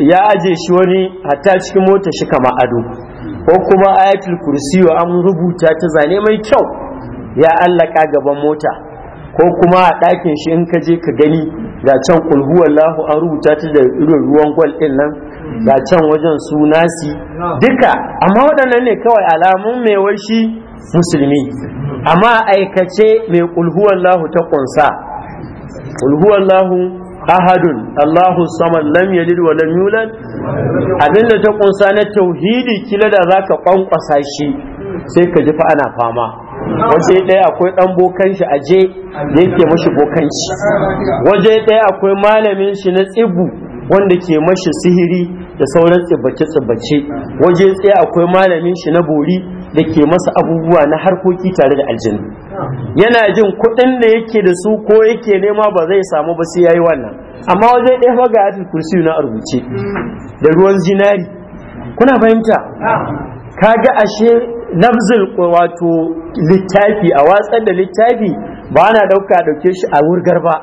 ya aje shi wani hatta cikin mota shi kama ado ko kuma ayatul kursi wa an rubuta ta zane mai kyau ya allaka gaban mota ko kuma a ɗakin shi in ka je ka gani ga can Wallahu an rubuta ta da irin ruwan gwal ɗin nan ga can wajen su nasi duka amma waɗannan ne kawai alamun mai washi musulmi amma aikace mai Wallahu ta ƙunsa Wallahu. ahadun Allahu saman lam yalid wa lam yulad abinda ta kunsa na tauhidi kila da ka kwankwasa shi sai ka ji fa ana fama waje ɗaya akwai ɗan bokan shi aje da yake mashi bokan shi waje ɗaya akwai malamin shi na tsibu wanda ke mashi sihiri da sauran tsibace-tsibace. waje tsaye akwai malamin shi na bori da ke masa abubuwa na harkoki tare da aljanu yana jin kuɗin da yake da su ko yake nema ba zai samu ba sai yayi wannan amma waje ɗaya fa ga ayatul kursi na rubuce da ruwan zinari kuna fahimta kaga ashe nabzul wato littafi a watsar da littafi ba ana dauka dauke shi a wurgar ba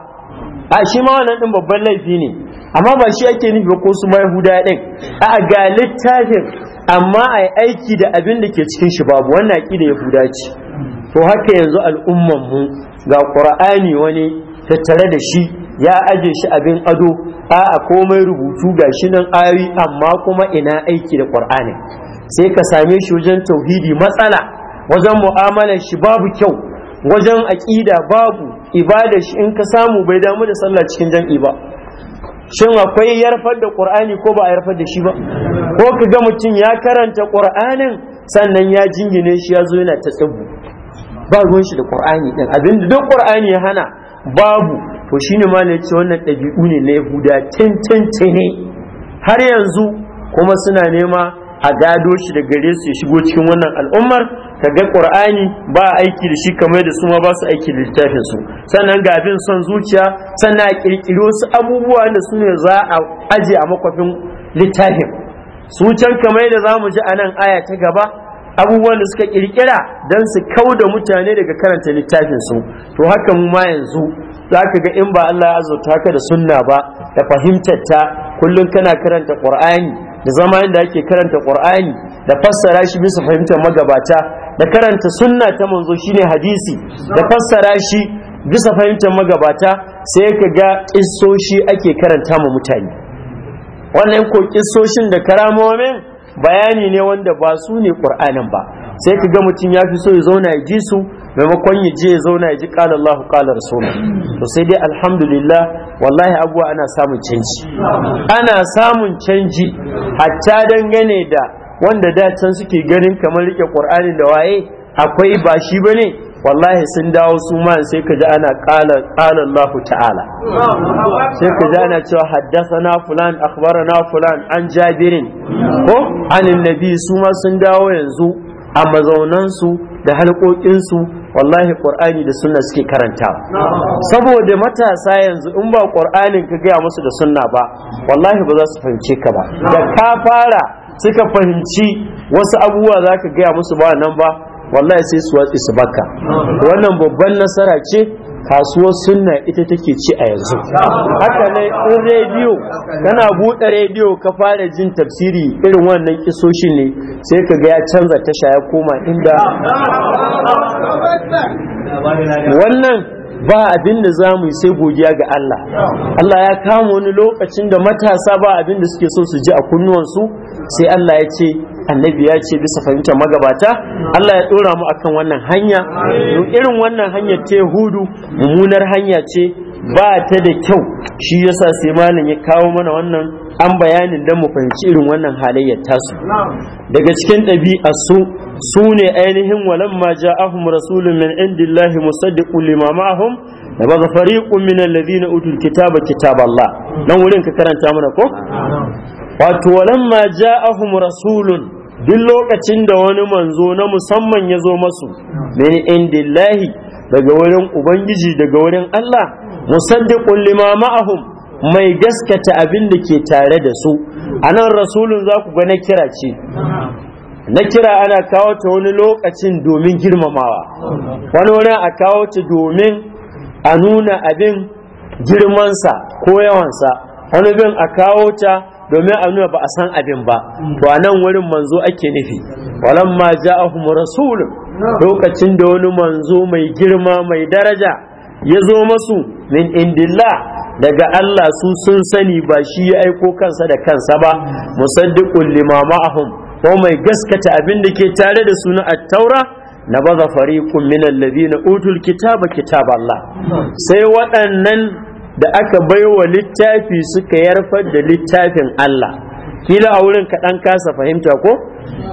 a shi ma wannan din babban laifi ne amma ba shi ake nufi ko su yahuda din a ga littafin amma a yi aiki da abin da ke cikin shi babu wannan aƙida yahuda ce to haka yanzu al'umman mu ga qur'ani wani tattare da shi ya aje shi abin ado a komai rubutu ga shi nan ayoyi amma kuma ina aiki da qur'ani sai ka same shi wajen tauhidi matsala wajen mu'amalar shi babu kyau wajen aƙida babu ibada shi in ka samu bai damu da sallah cikin jam'i ba shin akwai yarfar da qur'ani ko ba a yarfar da shi ba ko kaga ga mutum ya karanta qur'anin sannan ya jingine shi ya zo yana ta tsibu ba ruwan shi da qur'ani din abin da duk qur'ani ya hana babu to shine ma ne ce wannan ɗabi'u ne na yahuda cancanci har yanzu kuma suna nema a gado shi da gare su ya shigo cikin wannan al'ummar ka ga qur'ani ba aiki da shi kamar da su ma ba su aiki da littafin su sannan ga abin son zuciya sannan a kirkiro su abubuwa da su ne za a aje a makwafin littafin su can kamar da za mu ji a nan aya ta gaba abubuwan da suka kirkira don su kau da mutane daga karanta littafin su to haka mu ma yanzu za ka ga in ba Allah ya azurta ka da sunna ba da fahimtar ta kullum kana karanta qur'ani da zama inda ake karanta qur'ani da fassara shi bisa fahimtar magabata da karanta sunna ta manzo shine hadisi da fassara shi bisa fahimtar magabata sai ka ga kissoshi ake karanta ma mutane wannan ko kissoshin da karamomin bayani ne wanda ba su ne ƙur'anin ba sai ka ga mutum ya fi so ya zauna ya ji su maimakon ya je ya zauna ya ji ƙalar lahu ƙalar rasulu to sai dai alhamdulillah wallahi abuwa ana samun canji ana samun canji hatta dangane da wanda da can suke ganin kamar rike qur'anin da waye akwai ba shi bane wallahi sun dawo su ma sai ka ji ana ƙala ƙala Allah ta'ala sai ka ji ana cewa haddathana fulan akhbarana fulan an jabirin ko anin nabi su ma sun dawo yanzu a mazaunansu da halkokinsu wallahi ƙur'ani da sunna suke karanta saboda matasa yanzu in ba ƙur'anin ka gaya musu da sunna ba wallahi ba za su fahimce ka ba da ka fara suka fahimci wasu abubuwa za ka gaya musu ba nan ba wallahi sai su watsi su baka wannan babban nasara ce kasuwar sunna ita take ci a yanzu haka ne in rediyo kana buɗe rediyo ka fara jin tafsiri irin wannan kisoshin ne sai ka ga ya canza tasha ya koma inda wannan ba abin da za mu yi sai godiya ga Allah Allah ya kama wani lokacin da matasa ba abin da suke so su ji a kunnuwansu sai Allah ya ce annabi ya ce bisa fahimtar magabata Allah ya dora mu akan wannan hanya irin wannan hanyar ta hudu mummunar hanya ce ba ta da kyau shi yasa sai malam ya kawo mana wannan an bayanin don mu fahimci irin wannan halayyar tasu daga cikin ɗabi'a su su ne ainihin walamma ja'ahum rasulun min indillahi musaddiqu lima ma'ahum ba fariqun min alladhina utul kitaba Allah, nan wurin ka karanta mana ko wato walamma ja'ahum rasulun duk lokacin da wani manzo na musamman ya zo masu min indillahi daga wurin ubangiji daga wurin Allah musaddiqun lima ma'ahum mai gaskata abin da ke tare da su anan rasulun za ku ga na kira ce na kira ana kawo ta wani lokacin domin girmamawa wani wani a kawo ta domin a nuna abin girmansa ko yawansa wani bin a kawo ta domin a nuna ba a san abin ba to a nan wurin manzo ake nufi Walan walamma ja'ahum rasulun lokacin da wani manzo mai girma mai daraja ya zo masu min indillah daga Allah su sun sani ba shi ya aiko kansa da kansa ba musaddiqul limama'ahum ko mai gaskata abin da ke tare da suna a taura na baza fariqun min na utul kitaba kitab Allah sai waɗannan da aka baiwa littafi suka yarfar da littafin Allah kila a wurin kaɗan kasa fahimta ko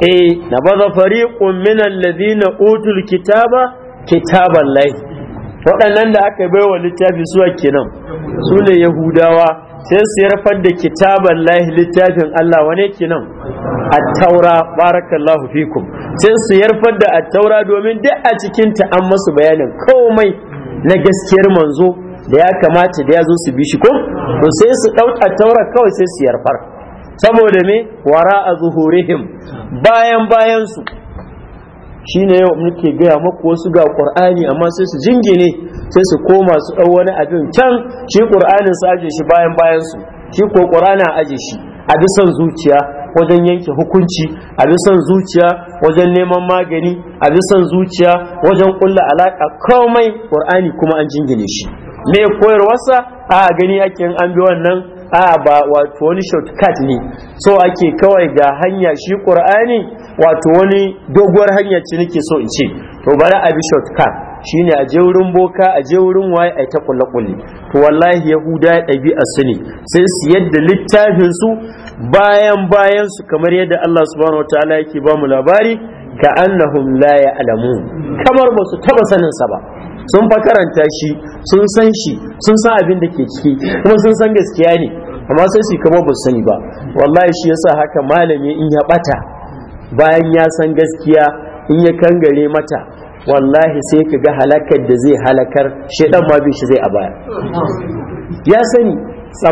eh na baza fariqun min na utul kitaba kitab Allah waɗannan da aka baiwa littafi suwa kenan su ne yahudawa sai su yarfar da kitaban lahi littafin Allah wane nan a taura barakallahu fikum sai su yarfar da a taura domin duk a cikin ta an masu bayanin komai na gaskiyar manzo da ya kamata da ya zo su bi shi ko to sai su ɗau a taura kawai sai su yarfar saboda me wara a zuhurihim bayan bayan su Shi shine yau muke gaya maku wasu ga ƙur'ani amma sai su jingine sai su koma su ɗau wani abin can shi ƙur'anin su aje shi bayan bayan su shi ko ƙur'ana aje shi a bisan zuciya wajen yanke hukunci a bisan zuciya wajen neman magani a bisan zuciya wajen kulla alaƙa komai ƙur'ani kuma an jingine shi me koyarwarsa a gani ake an bi wannan a ba wato wani shortcut ne so ake kawai ga hanya shi ƙur'ani. wato wani doguwar hanya ce nake so in ce to bari a bi shortcut shine a je wurin boka a je wurin waye a ta kulle kulle to wallahi yahuda ya ɗabi'a su sai su yadda littafin su bayan bayan su kamar yadda Allah subhanahu wataala yake ba mu labari ka annahum la ya'lamu kamar ba su taba sanin sa ba sun fa karanta shi sun san shi sun san abin da ke ciki kuma sun san gaskiya ne amma sai su kamar ba su sani ba wallahi shi yasa haka malami in ya bata bayan ya san gaskiya in ya kangare mata wallahi sai ka ga halakar da zai halakar shaidan ma bai shi zai a baya ya sani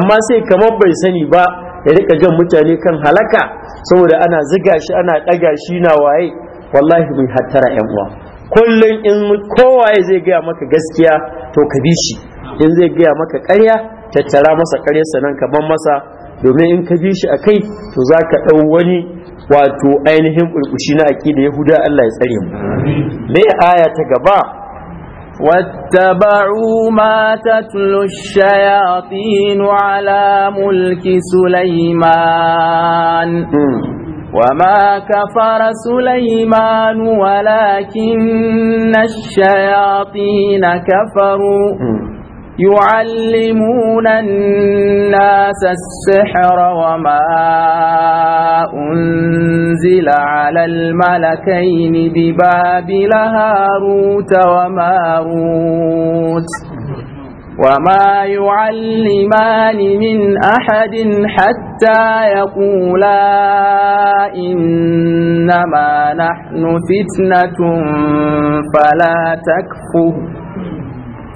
amma sai kamar bai sani ba ya rika jan mutane kan halaka saboda ana ziga shi ana ɗaga shi na waye wallahi mai hattara yan uwa kullum in kowaye zai gaya maka gaskiya to ka bi shi in zai gaya maka ƙarya tattara masa ƙaryarsa sanan ka ban masa domin in ka bi shi a kai to za ka ɗau wani wato ainihin ƙulƙushi na aƙida yahuda Allah ya tsare mu me aya ta gaba واتبعوا ما تتلو الشياطين على ملك سليمان وما كفر سليمان ولكن الشياطين كفروا يعلمون الناس السحر وما أنزل على الملكين ببابل هاروت وماروت وما يعلمان من أحد حتى يقولا إنما نحن فتنة فلا تكفر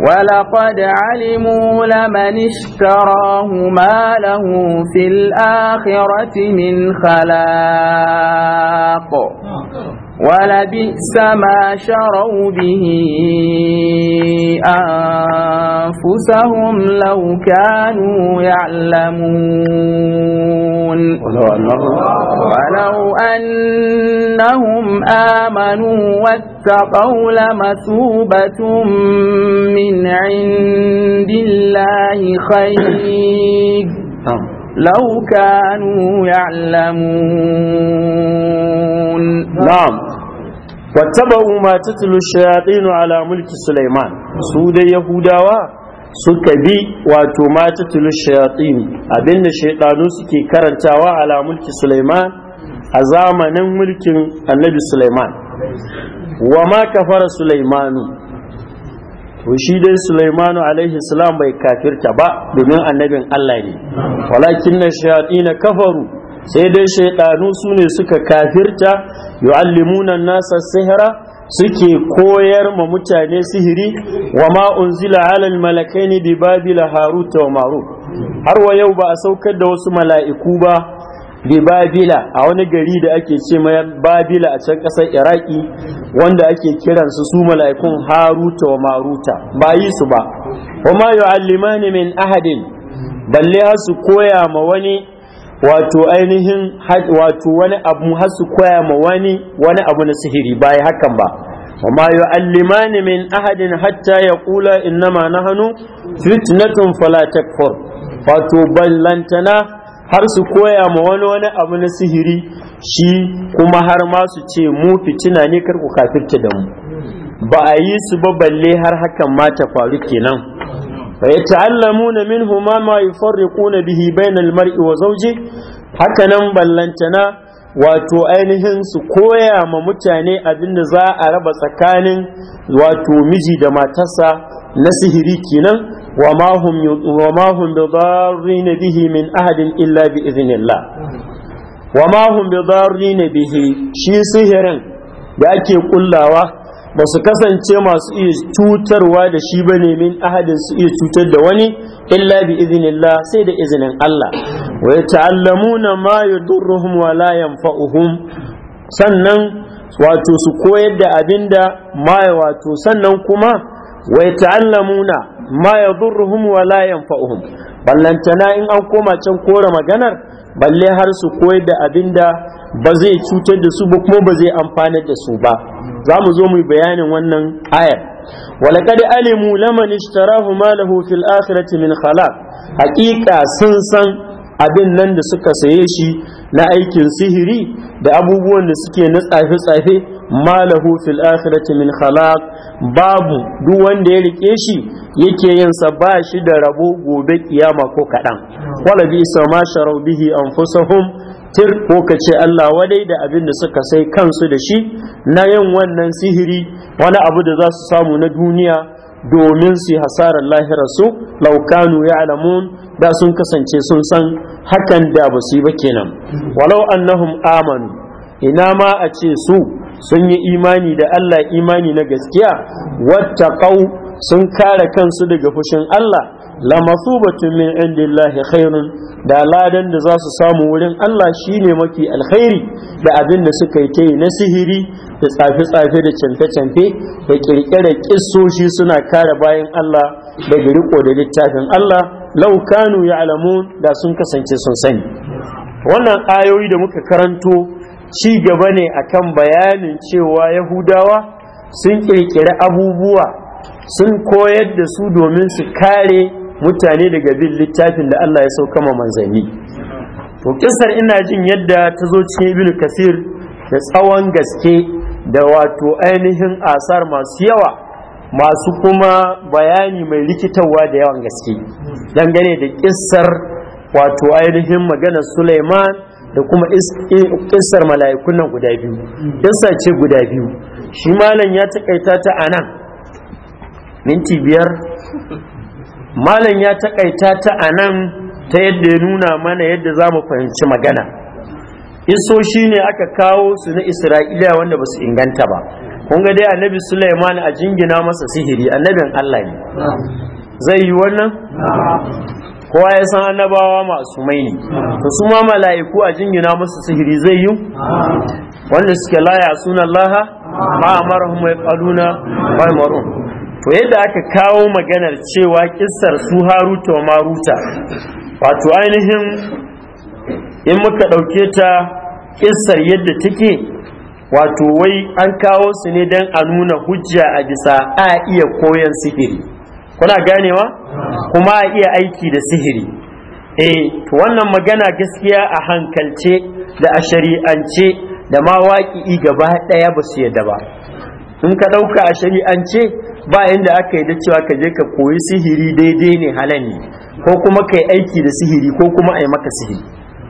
ولقد علموا لمن اشتراه ما له في الآخرة من خلاق ولبئس ما شروا به أنفسهم لو كانوا يعلمون ولو أنهم آمنوا واتقوا اتقوا لمثوبة من عند الله خير لو كانوا يعلمون نعم واتبعوا ما تتلو الشياطين على ملك سليمان سود يهوداوا suka bi wato mata tulu shayatin abinda shaidanu suke karantawa ala mulki Sulaiman a zamanin mulkin annabi Sulaiman wa ma kafara sulaimanu to shi dai sulaimanu alaihi salam bai kafirta ba domin annabin Allah ne walakin na shayatina kafaru sai dai shaidanu su ne suka kafirta yu'allimuna nasa sihra suke koyar ma mutane sihiri wa ma unzila alal malakaini bi babila haruta wa marut har wa yau ba a saukar da wasu mala'iku ba bi a wani gari da ake ce mai babila a can ƙasar iraki wanda ake kiran su mala'ikun haruta wa maruta ba yi su ba wa ma yu'allimani min ahadin balle har koya ma wani wato ainihin wato wani abu har koya ma wani wani abu na sihiri Ba yi hakan ba wa ma yu'allimani min ahadin hatta ya yaqula innama na fitnatun fala wato ballantana har su koya ma wani wani abu na sihiri shi kuma har ma su ce mu fitina ne kar ku kafirta da mu ba a yi su ba balle har hakan ma ta faru kenan fa yata'allamuna minhu ma ma yufarriquna bihi bainal mar'i wa zawji hakanan ballantana wato ainihin su koya ma mutane abin da za a raba tsakanin wato miji da matarsa na sihiri kenan وما هم وما هم بضارين به من أحد إلا بإذن الله وما هم بضارين به شي سهرا da ake kullawa ba su kasance masu iya cutarwa da shi ba ne min ahadin su iya cutar da wani illa bi izinillah sai da izinin Allah wa ta'allamuna ma yadurruhum wa la yanfa'uhum sannan wato su koyar da abinda ma wato sannan kuma wa ta'allamuna ma yadurruhum wa la yanfa'uhum ballantana in an koma can kora maganar balle har su koyar da abinda ba zai cutar da su ba kuma ba zai amfana da su ba za mu zo mu bayanin wannan ayar walaqad alimu laman ishtarahu malahu fil akhirati min khalaq haqiqa sun san abin nan da suka saye shi na aikin sihiri da abubuwan da suke na tsafe-tsafe malahu fil akhirati min khalaq babu duk wanda ya rike shi yake yin sa ba shi da rabo gobe kiyama ko kaɗan wala bi sama sharau bihi anfusahum tir ko kace Allah wadai da abin da suka sai kansu da shi na yin wannan sihiri wani abu da za su samu na duniya domin su yi hasarar lahirar laukanu ya da sun kasance sun san hakan da ba su yi ba kenan walau annahum amanu ina ma a ce su sun yi imani da Allah imani na gaskiya wattaqau sun kare kansu daga fushin Allah la masubatun min indillahi khairun da ladan da za su samu wurin Allah shine mafi alkhairi da abin da suka yi ta yi na sihiri da tsafe-tsafe da canfe-canfe da ƙirƙirar ƙisoshi suna kare bayan Allah da riko da littafin Allah laukanu ya alamu da sun kasance sun sani wannan ayoyi da muka karanto ci gaba ne akan bayanin cewa yahudawa sun ƙirƙiri abubuwa sun koyar da su domin su kare mutane daga bin littafin da Allah ya sauka ma manzanni to kisar ina jin yadda ta zo cikin ibnu kasir da tsawon gaske da wato ainihin asar masu yawa masu kuma bayani mai rikitarwa da yawan gaske dangane da ƙisar wato ainihin maganar Suleiman da kuma ƙisar mala'ikun nan guda biyu kissa ce guda biyu shi malam ya taƙaita ta a nan minti biyar malam ya taƙaita ta a nan ta yadda ya nuna mana yadda za mu fahimci magana iso shi ne aka kawo su na isra'ila wanda ba su inganta ba kun ga dai annabi sulaiman a jingina masa sihiri annabin allah ne zai yi wannan kowa ya san annabawa masu mai ne to su ma mala'iku a jingina musu sihiri zai yi wanda suke laya sunan laha ma amarahum wa yaqaluna wa maru to yadda aka kawo maganar cewa kissar su haruta wa maruta wato ainihin in muka ɗauke ta kissar yadda take wato wai an kawo su ne don a nuna hujja a bisa a iya koyan sihiri kuna ganewa kuma a iya aiki da sihiri eh to wannan magana gaskiya a hankalce da a shari'ance da ma waƙi'i gaba ɗaya ba su yadda ba in ka ɗauka a shari'ance ba inda aka yi da cewa ka je ka koyi sihiri daidai ne halani ko kuma ka yi aiki da sihiri ko kuma a yi maka sihiri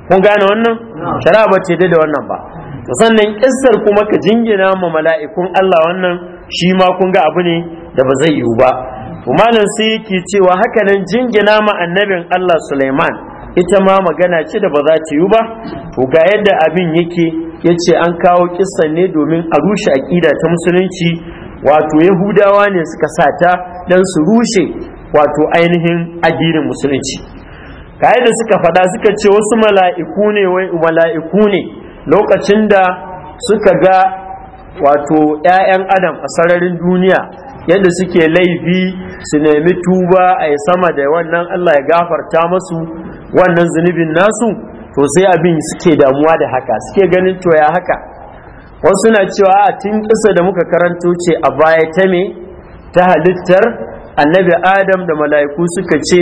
kun gane wannan shari'a ba ce da wannan ba sannan kissar kuma ka jingina ma mala'ikun Allah wannan shi ma kun ga abu ne da ba zai yiwu ba to malam sai yake cewa hakanan jingina ma annabin Allah Sulaiman ita ma magana ce da ba za ta yi ba to ga yadda abin yake yace an kawo kissan ne domin a rushe aqida ta musulunci wato yahudawa ne suka sata dan su rushe wato ainihin addinin musulunci ga yadda suka faɗa suka ce wasu mala'iku ne wai mala'iku ne lokacin da suka ga wato 'ya'yan adam a sararin duniya yadda suke laifi su nemi tuba a sama da wannan Allah ya gafarta masu wannan zunubin nasu to sai abin suke damuwa da haka suke ganin to ya haka wasu na cewa a tun kisa da muka karanto ce a baya ta me ta halittar annabi adam da mala'iku suka ce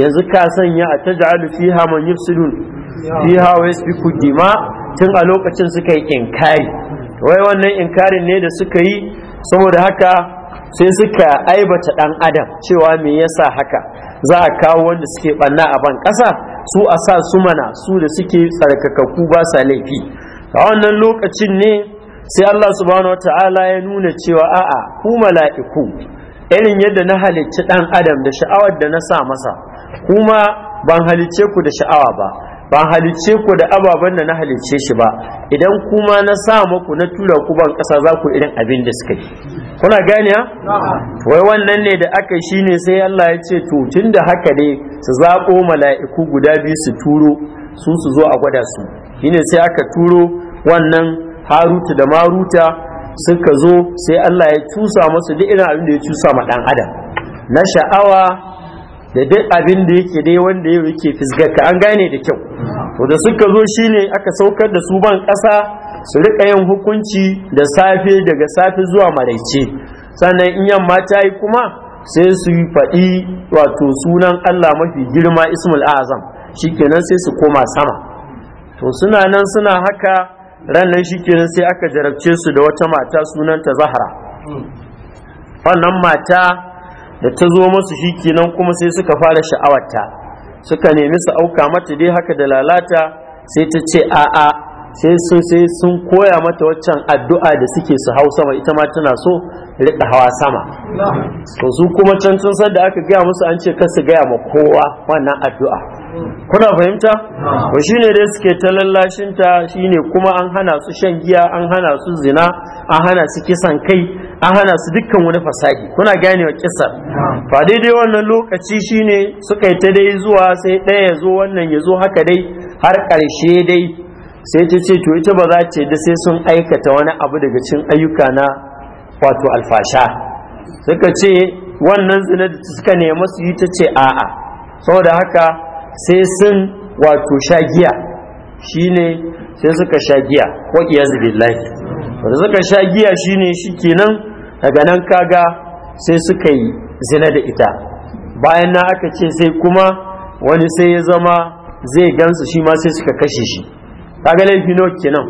yanzu ka sanya a taj'alu fiha man yufsidun fiha wa yasbiku dima tun a lokacin suka yi inkari wai wannan inkarin ne da suka yi saboda haka sai suka aibata dan adam cewa me yasa haka za a kawo wanda suke banna a ban ƙasa su a sa su mana su da suke tsarkakakku ba sa laifi a wannan lokacin ne sai Allah subhanahu wata'ala ya nuna cewa a'a ku mala'iku irin yadda na halicci dan adam da sha'awar da na sa masa kuma ban halicce ku da sha'awa ba ba halicce ku da ababen da na halicce shi ba idan kuma na sa muku na tura ku ban ƙasa za ku irin abin da suka yi kuna gane ya wai wannan ne da aka shi ne sai Allah ya ce to tun da haka ne su zaƙo mala'iku guda biyu su turo su su zo a gwada su shine sai aka turo wannan haruta da maruta suka zo sai Allah ya cusa musu duk irin abin da ya cusa ma ɗan adam na sha'awa da duk abin da yake dai wanda yau yake fisgarka an gane da kyau to da suka zo shine aka saukar da su ban ƙasa su riƙa yin hukunci da safe daga safe zuwa maraice sannan in yamma ta yi kuma sai su yi faɗi wato sunan Allah mafi girma ismul azam shikenan sai su koma sama to suna nan suna haka ranar shikenan sai aka jarabce su da wata mata sunanta zahra wannan mata da ta zo masu shi kenan kuma sai suka fara sha'awarta suka nemi su auka mata dai haka da lalata sai ta ce a'a sai sun sai sun koya mata waccan addu'a da suke su hau sama ita ma tana so riƙa hawa sama to su kuma can sun san aka gaya musu an ce ka su gaya ma kowa wannan addu'a kuna fahimta ko shine dai suke ta lallashin ta shine kuma an hana su shan giya an hana su zina an hana su kisan kai an hana su dukkan wani fasahi kuna wa kisar fa daidai wannan lokaci shine suka yi ta dai zuwa sai ɗaya ya zo wannan ya zo haka dai har ƙarshe dai sai ta ce to ita ba za ce da sai sun aikata wani abu daga cikin ayyuka na wato alfasha suka ce wannan zina da suka nemi su yi ta ce a'a saboda haka sai sun wato sha giya shine sai suka sha giya wa iyaz billahi da suka sha giya shine shikenan daga nan kaga sai suka yi zina da ita bayan na aka ce sai kuma wani sai ya zama zai gansu shi ma sai suka kashe shi kaga laifi nawa kenan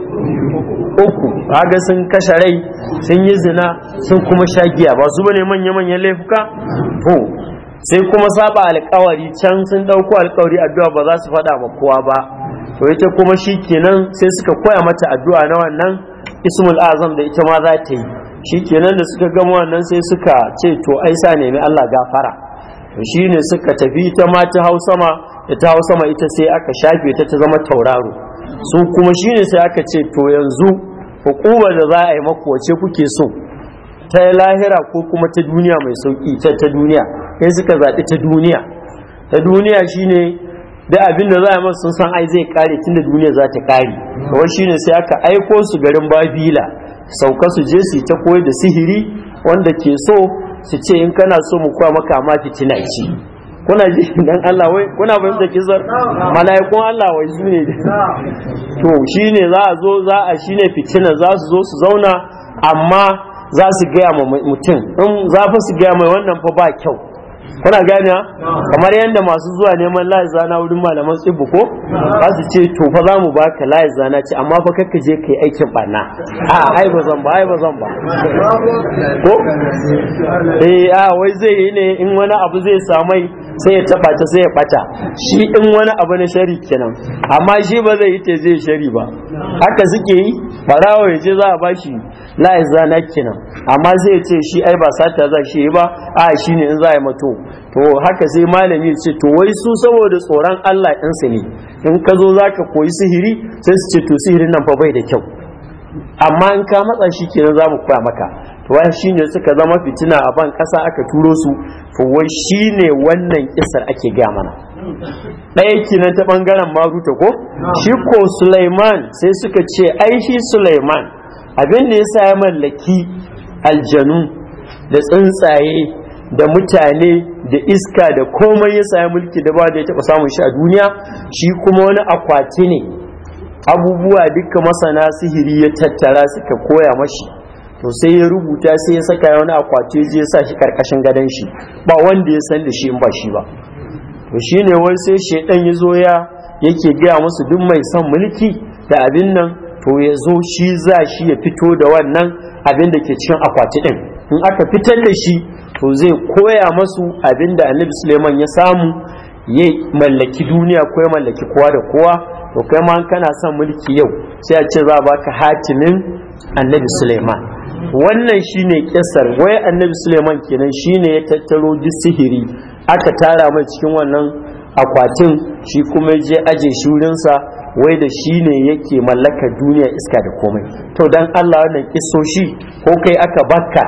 uku kaga sun kashe rai sun yi zina sun kuma sha giya ba su bane manya manyan laifuka to sai kuma saba alkawari can sun dauko alkawari addu'a ba za su faɗa ba kowa ba to ita kuma shi kenan sai suka koya mata addu'a na wannan ismul azam da ita ma za ta yi shikenan da suka gama wannan sai suka ce to ai sa nemi Allah gafara to shine suka tafi ta ma ta hausa ma da ta hausama ma ita sai aka shafe ta ta zama tauraro su kuma shine sai aka ce to yanzu hukumar da za a yi maku wace kuke so ta lahira ko kuma ta duniya mai sauki ta ta duniya sai suka zaɓi ta duniya ta duniya shine da abin da za a masu sun san ai zai kare tunda duniya za ta kare kawai shine sai aka aiko su garin babila sauka su je su ta koyar da sihiri wanda ke so su ce in kana so mu kwa maka ma fitina ce kuna ji dan Allah wai kuna bayan da kizar mala'ikun Allah wai su ne to shine za a zo za a shine fitina za su zo su zauna amma za su gaya ma mutum in za fa su gaya mai wannan fa ba kyau kuna gane kamar yadda masu zuwa neman layi zana wurin malaman tsibbu ko ba su ce to fa za mu ba ka layi zana ce amma fa kakka je kai aikin barna a ai ba zan ba ai ba zan ba ko eh a wai zai yi ne in wani abu zai samai sai ya taba ta sai ya bata shi in wani abu na shari kenan amma shi ba zai yi te zai shari ba haka suke yi barawo ya ce za a bashi la ya zana kenan amma zai ce shi ai ba sata za shi ba a shi ne in za a mato to haka sai malami ce to wai su saboda tsoron Allah su ne in ka zo za ka koyi sihiri sai su ce to sihirin nan fa bai da kyau amma in ka matsa shi kenan za mu koya maka to wai shi ne suka zama fitina a ban kasa aka turo su to wai shi ne wannan kisar ake gaya mana ɗaya kenan ta ɓangaren maruta ko shi ko Sulaiman sai suka ce ai shi Sulaiman abin da ya sa ya mallaki aljanu da tsuntsaye da mutane da iska da komai ya ya mulki da ba da ya taɓa samun shi a duniya shi kuma wani akwati ne abubuwa duka masana sihiri ya tattara suka koya mashi to sai ya rubuta sai ya saka wani akwati ya sa shi karkashin gadon shi ba wanda ya san da shi in ba shi ba to shine wai sai shedan ya zo ya yake gaya musu duk mai son mulki da abin nan to ya zo shi za shi ya fito da wannan abin da ke cikin akwati ɗin in aka fitar da shi to zai koya masu abin da annabi suleiman ya samu ya mallaki duniya ko ya mallaki kowa da kowa to kai ma kana son mulki yau sai a ce za a baka hatimin annabi suleiman wannan shine kisar wai annabi suleiman kenan shine ya tattaro ji sihiri aka tara mai cikin wannan akwatin shi kuma je aje shurinsa wai da shi ne yake mallaka duniya iska da komai to dan Allah wannan shi ko kai aka baka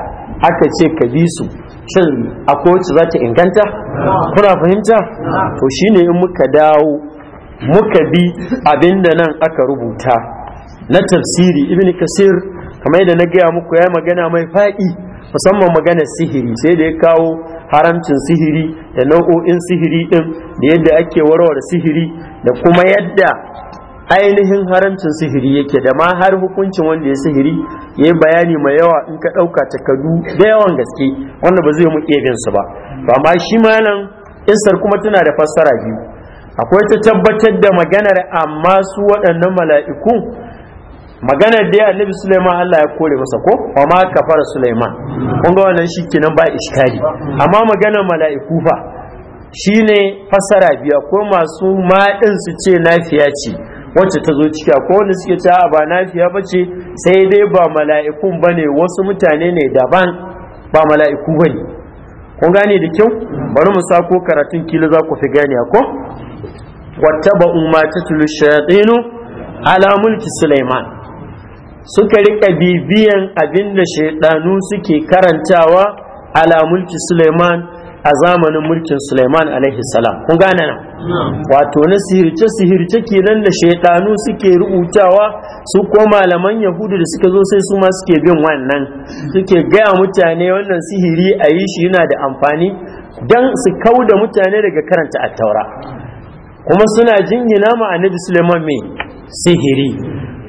aka ce ka bi su shin akwai wacce za ta inganta kuna fahimta to shi ne in muka dawo muka bi abin da nan aka rubuta na tafsiri ibn kasir kamar yadda na gaya muku ya magana mai faɗi musamman magana sihiri sai da ya kawo haramcin sihiri da nau'o'in sihiri ɗin da yadda ake warware sihiri da kuma yadda ainihin haramcin sihiri yake da ma har hukuncin wanda ya sihiri ya yi bayani mai yawa in ka ɗauka takardu da yawan gaske wanda ba zai muke bin su ba to amma shi ma nan isar kuma tana da fassara biyu akwai ta tabbatar da maganar amma su waɗannan mala'iku maganar da ya annabi Sulaiman Allah ya kore masa ko wa ma kafara Sulaiman kun ga wannan kenan ba iskari. amma maganar mala'iku fa shine fassara biyu akwai masu ma'in su ce nafiya ce wacce ta zo ciki ko wanda suke a ba nafiya bace sai dai ba mala'ikun ne wasu mutane ne daban ba mala'iku ba ne. kun gane da kyau bari mu sako karatun kila za ku fi gane ko wattaba tulu shayatinu ala mulki sulaiman suka rika bibiyan abinda shaidanu suke karantawa ala mulki sulaiman a zamanin mulkin sulaiman alaihi salam kun gane nan wato na sihirce sihirce kenan da shaidanu suke rubutawa su ko malaman yahudu da suka zo sai su ma suke bin wannan suke gaya mutane wannan sihiri a yi shi yana da amfani don su kau da mutane daga karanta a taura, kuma suna jingina ma annabi suleiman mai sihiri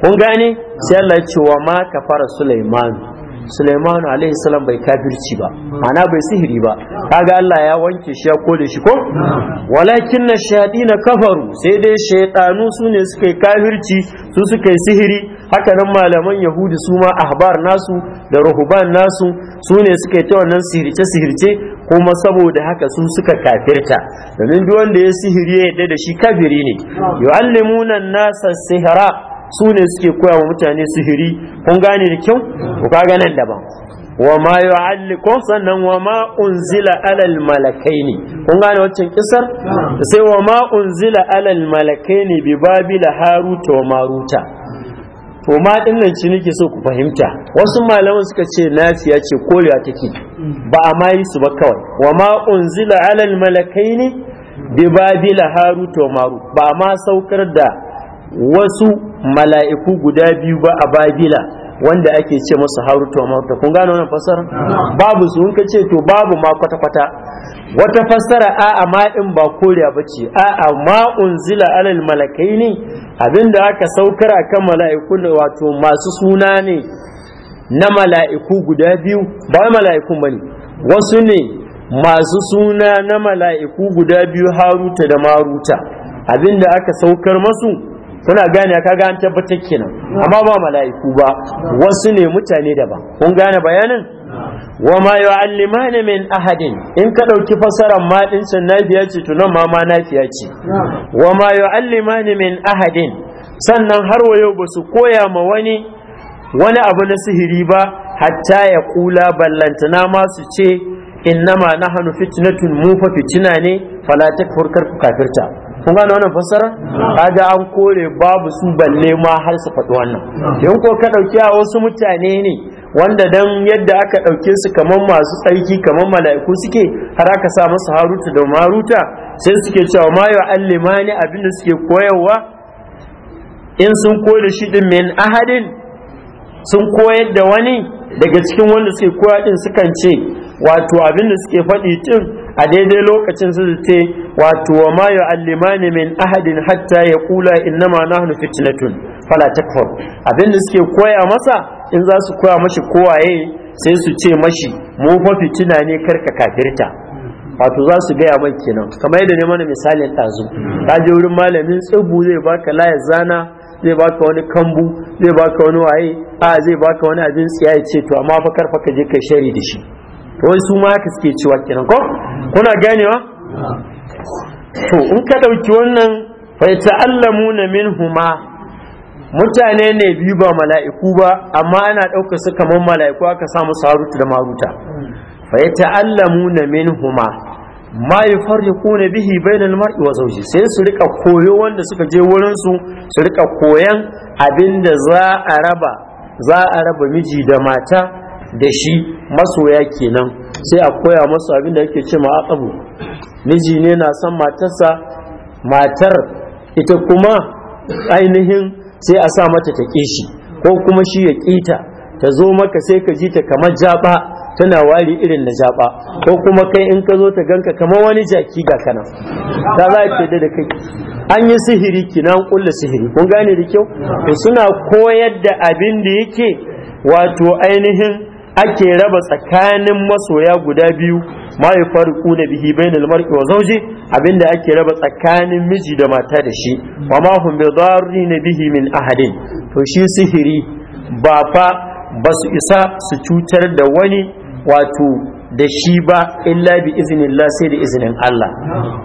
kun gane sai Allah cewa ce wa ma kafara suleiman Sulaiman alaihi salam bai kafirci ba ana bai sihiri ba kaga Allah ya wanke shi ya kore shi ko walakin na na kafaru sai dai shaiɗanu su ne suka yi kafirci su suka yi sihiri haka nan malaman yahudi su ma ahbar nasu da ruhuban nasu su ne suka yi ta wannan sihirce sihirce kuma saboda haka su suka kafirta domin duk wanda ya sihiri ya yadda da shi kafiri ne yu'allimuna nasa sihra su ne suke koya wa mutane sihiri kun gane da kyau ku kaga nan daban wa ma yu'alliku sannan wa ma unzila alal malakaini kun gane waccan kisar sai wa ma unzila alal malakaini bi babil haruta wa maruta to ma dinnan ci nake so ku fahimta wasu malaman suka ce nasiya ce kolewa take mm. ba a ma yi su ba kawai wa ma unzila alal malakaini bi babil haruta wa marut ba ma saukar da wasu mala'iku guda biyu ba a babila wanda ake ce masu harutu marutu kun gano wannan fassara babu su in ka ce to babu ma kwata-kwata wata fassara a'a ma in ba koriya ba ce a'a ma unzila alal malakai ne abinda aka saukar akan mala'iku ne wato masu suna ne na mala'iku guda biyu ba mala’iku ba bane wasu ne masu suna na mala'iku guda biyu haruta da maruta abinda aka saukar masu kuna gane ka ga an tabbatar kenan amma ba mala'iku ba wasu ne mutane da ba kun gane bayanin wa ma yu'allimani min ahadin in ka dauki fasaran ma din san nafiya ce to nan ma ma nafiya ce wa ma yu'allimani min ahadin sannan har wayo ba su koya ma wani wani abu na sihiri ba hatta ya kula ballantana ma su ce innama nahnu fitnatun mu fa fitina ne fala takfur kafirta kun gane wannan fassara kaga an kore babu su balle ma har su faɗi wannan in ko ka ɗauki a wasu mutane ne wanda dan yadda aka ɗauke su kamar masu tsarki kamar mala'iku suke har aka sa musu haruta da maruta sai suke cewa ma ya abin da suke koyarwa in sun kore shi din min ahadin sun koyar da wani daga cikin wanda suke koya din sukan ce wato abinda suke faɗi tin a daidai lokacin su ce wato wa ma ya allimani min ahadin hatta ya na? innama nahnu fitnatun fala takfur abin da suke koya masa in za su koya mashi kowaye sai su ce mashi mu fa fitina ne karka kafirta wato za su gaya mai kenan kamar yadda ne mana misalin ɗazu ka je wurin malamin tsubu zai baka layar zana zai baka wani kambu zai baka wani waye a zai baka wani abin tsiya ya ce to amma fa karfa ka je kai shari da shi wai su ma haka suke cewa kenan ko kuna ganewa to in ka ɗauki wannan fa ta'allamuna minhuma mutane ne biyu ba mala'iku ba amma ana ɗaukar su kamar mala'iku aka samu Harutu da maruta fa ta'allamu na min huma ma yi na bihi bainal mar'i wa zawji sai su rika koyo wanda suka je wurin su rika koyan abinda za a raba za a raba miji da mata da shi masoya kenan sai a koya masu abin da yake ce ma'aƙabu miji ne na san matarsa matar ita kuma ainihin sai a sa mata ta ƙi shi ko kuma shi ya ƙita ta zo maka sai ka ji ta kamar jaba tana wari irin na jaba ko kuma kai in ka zo ta ganka kamar wani jaki ga kana ta za ta da kai an yi sihiri kinan kulla sihiri kun gane da kyau suna koyar da abin da yake wato ainihin ake raba tsakanin masoya guda biyu ma ya faru ƙuna bihi bai bainal lamar wa zauji abinda ake raba tsakanin miji da mata da shi wa ma bai bidarri na bihi min ahadin to shi sihiri ba fa ba su isa su cutar da wani wato da shi ba illa bi izinin sai da izinin Allah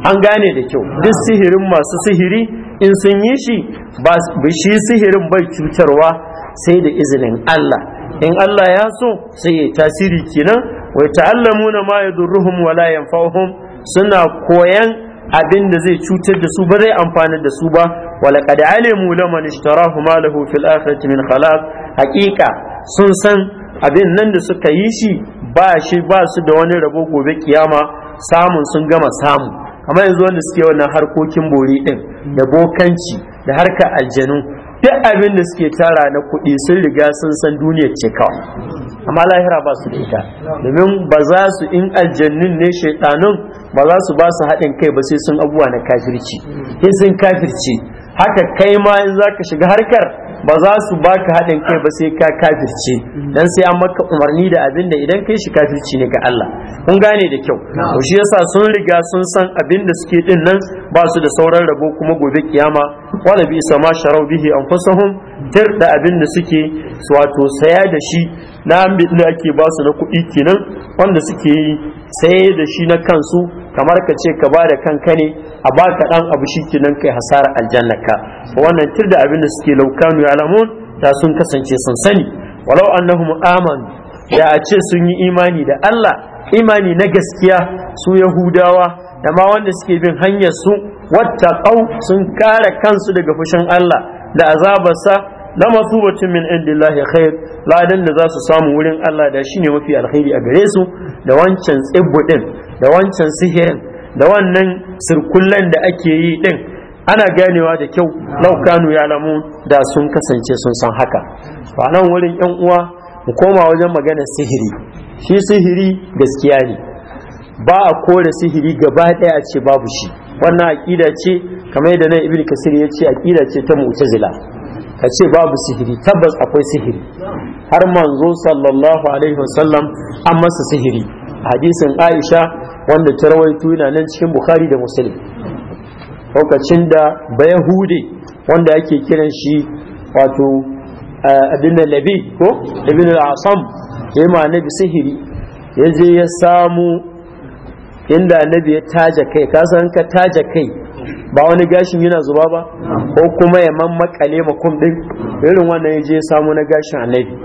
an gane da kyau duk sihirin masu sihiri in sun yi shi ba shi sihirin bai cutarwa sai da izinin Allah in Allah ya so sai ya tasiri kenan wai ta'allamuna ma yadurruhum wala yanfa'uhum suna koyan abin da zai cutar da su ba zai amfana da su ba wala qad alimu laman ishtarahu ma lahu fil akhirati min khalaq haqiqa sun san abin nan da suka yi shi ba shi ba su da wani rabo gobe kiyama samun sun gama samu kamar yanzu wanda suke wannan harkokin bori din da bokanci da harka aljanu duk abin da suke tara na kuɗi sun riga sun san duniyar ce kawai amma lahira ba su da ita domin ba za su in aljannin ne shaitanun ba za su ba su haɗin kai ba sai sun abubuwa na kafirci sai sun kafirci haka kai ma in za ka shiga harkar ba za su baka haɗin kai ba sai ka kafirce dan sai an maka umarni da abinda idan kai shi kafirci ne ga Allah kun gane da kyau to shi yasa sun riga sun san abin da suke din nan ba su da sauran rabo kuma gobe kiyama wala bi sama sharau bihi anfusuhum tir da abin da suke wato saya da shi na da ake ba su na kuɗi kenan wanda suke yi sai da shi na kansu kamar ka ce ka ba da kanka ne a ba ka ɗan abu shi kenan kai hasara aljanna ka wannan tir da abin da suke laukanu ya alamun da sun kasance sun sani walau annahum amanu da a ce sun yi imani da Allah imani na gaskiya su yahudawa da ma wanda suke bin hanyar su ƙau sun kare kansu daga fushin Allah da azabarsa masu bacin min ya khair ladan da za su samu wurin Allah da shine mafi alkhairi a gare su da wancan tsibbudin da wancan sihirin da wannan sirkullan da ake yi din ana ganewa da kyau laukanu ya lamu da sun kasance sun san haka ba nan wurin yan uwa mu koma wajen maganar sihiri shi sihiri gaskiya ne ba a kore sihiri gaba ɗaya a ce babu shi wannan aƙida ce kamar yadda nan ibnu kasir ya ce aƙida ce ta mu'tazila ka ce babu sihiri tabbas akwai sihiri har manzo sallallahu alaihi wasallam an masa sihiri hadisin aisha wanda ta rawaito yana nan cikin bukhari da muslim lokacin da bayahude wanda ake kiran shi wato abin eh, da labi ko Ibn al ya yi ma nabi sihiri ya je ya samu inda nabi ya taja kai ka san ka taje kai ba wani gashin yana zuba ba ko kuma ya mammakale makum din irin wannan ya je samu na gashin annabi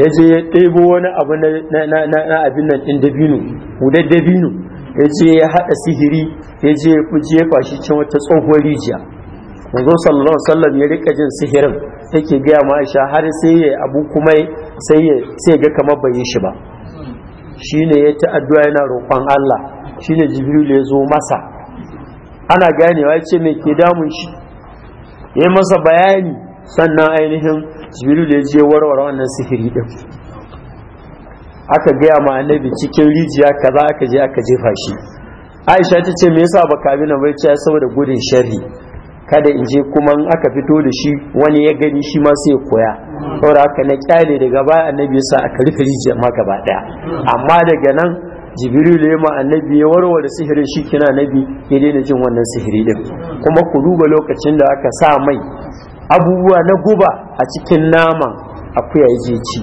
ya je ya ɗebo wani abu na abin nan ɗin dabino hudar dabino ya je ya haɗa sihiri ya je ya jefa cin wata tsohuwar rijiya manzo sallallahu alaihi ya rika jin sihirin yake gaya ma Aisha har sai ya abu kuma sai ya sai ga kamar bai shi ba shine ya ta addu'a yana roƙon Allah shine Jibril ya zo masa ana ganewa ya ce mai ke damun shi ya yi masa bayani sannan ainihin da ya je warware wannan sihiri ɗin aka gaya ma annabi cikin rijiya kaza aka je aka jefa shi aisha ta ce me yasa ba ka na bai ce saboda gudun sharri kada in je kuma in aka fito da shi wani ya gani shi ma sai ya koya saboda haka na kyale daga baya annabi yasa aka rufe rijiya ma gaba daya amma daga nan jibril ya ma annabi ya warware sihirin shi kina nabi ya daina jin wannan sihiri din kuma ku duba lokacin da aka sa mai abubuwa na guba a cikin naman akuya ya je ci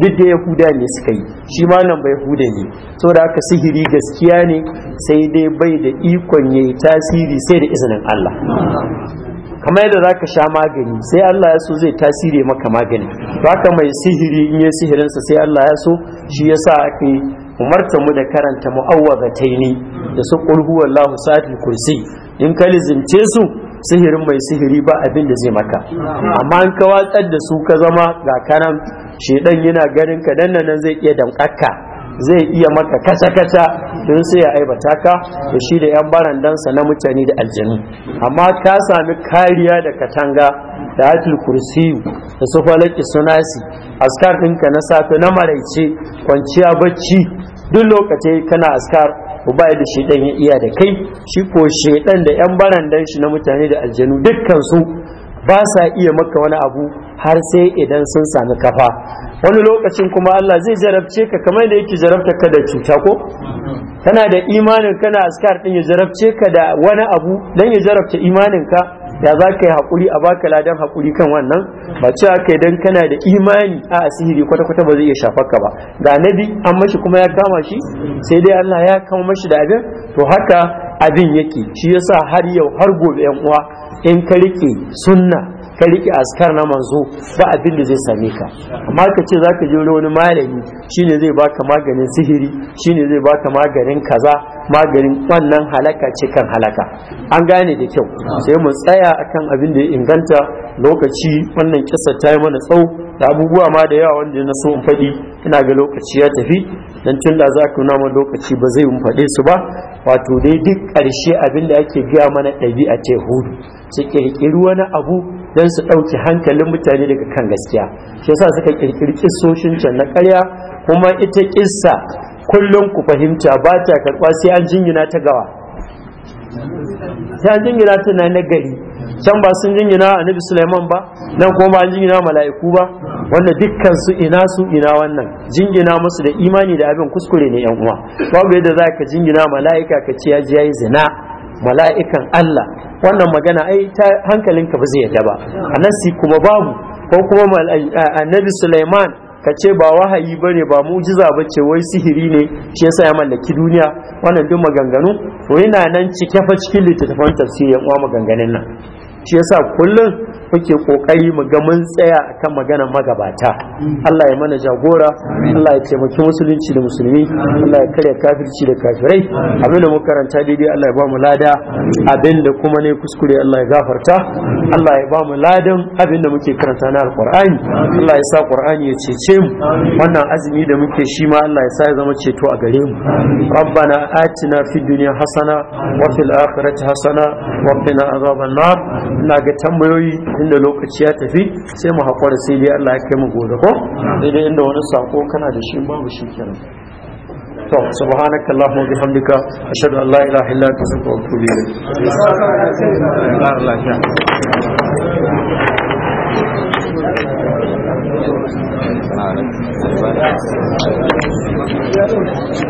duk da yahuda ne suka yi shi ma nan bai yahuda ne saboda aka sihiri gaskiya ne sai dai bai da ikon ya yi tasiri sai da izinin Allah kamar yadda za ka sha magani sai Allah ya so zai tasiri maka magani haka mai sihiri in yi sihirinsa sai Allah ya so shi ya sa aka yi umarta mu da karanta mu'awwazataini da su qul Wallahu, sati kursi in ka lizince su sihirin mai sihiri ba abin da zai maka amma an ka watsar da su ka zama ga kanan shedan yana ganin ka dan nan zai iya damƙaka, zai iya maka kasa kasa don sai ya aibata ka da shi da yan barandansa na mutane da aljanu amma ka sami kariya da katanga da hatul kursi da su falaki sunasi askar ɗinka na safe na maraice kwanciya bacci duk lokacin kana askar ba da shedan ya iya da kai shi ko shedan da yan barandan shi na mutane da aljanu dukkan su ba sa iya maka wani abu har sai idan sun sami kafa wani lokacin kuma Allah zai jarabce ka kamar da yake jarabta ka da cuta ko kana da imanin kana askar din ya jarabce ka da wani abu dan ya jarabta imanin ka ya za ka yi haƙuri a baka ladan haƙuri kan wannan ba cewa yi dan kana da imani a asiri kwata-kwata ba zai iya shafar ka ba ga nabi an mashi kuma ya kama shi sai dai Allah ya kama mashi da abin to haka abin yake shi yasa har yau har gobe yan uwa in ka rike sunna ka rike askar na manzo ba abin da zai same ka amma ka ce za ka je wani malami shine zai baka maganin sihiri shine zai baka maganin kaza maganin wannan halaka ce kan halaka an gane da kyau sai mu tsaya akan abin da ya inganta lokaci wannan kisa ta yi mana tsawo da abubuwa ma da yawa wanda na so in faɗi ina ga lokaci ya tafi dan tun da za ku nama lokaci ba zai mu faɗe su ba wato dai duk ƙarshe abin da ake gaya mana ɗabi'a ce hudu su ƙirƙiri wani abu dan su ɗauki hankalin mutane daga kan gaskiya shi yasa suka ƙirƙiri kissoshin can na ƙarya kuma ita kissa kullum ku fahimta ba ta karɓa sai an jingina ta gawa sai an jingina ta na nagari can ba sun jingina annabi Sulaiman ba nan kuma ba an jingina mala'iku ba wanda dukkan su ina su ina wannan jingina musu da imani da abin kuskure ne yan uwa babu yadda za ka jingina mala'ika ka ce ya ji yayi zina mala'ikan Allah wannan magana ai ta hankalinka ba zai yadda ba a nasi kuma babu ko kuma annabi Sulaiman ka ce ba wahayi ba ne ba mujiza ba ce wai sihiri ne shi yasa ya mallaki duniya wannan duk maganganu to yana nan cike fa cikin littattafan tafsirin wa maganganun nan shi yasa kullum muke kokari mu ga mun tsaya akan magana magabata Allah ya mana jagora Allah ya taimaki musulunci da musulmi Allah ya karya kafirci da kafirai abinda mu karanta daidai Allah ya ba mu lada abinda kuma ne kuskure Allah ya gafarta Allah ya ba mu ladan abinda muke karanta na alqur'ani Allah ya sa qur'ani ya cece mu wannan azumi da muke shi ma Allah ya sa ya zama ceto a gare mu rabbana atina fid dunya hasana wa fil akhirati hasana wa qina azaban nar ina ga tambayoyi tunda lokaci ya tafi sai mu haƙura sai dai Allah ya kai mu gobe ko daidai inda wani sako kana da shi babu shi kenan to subhanaka allahumma bihamdika ashhadu an la ilaha illa anta astaghfiruka wa atubu ilayk Thank you.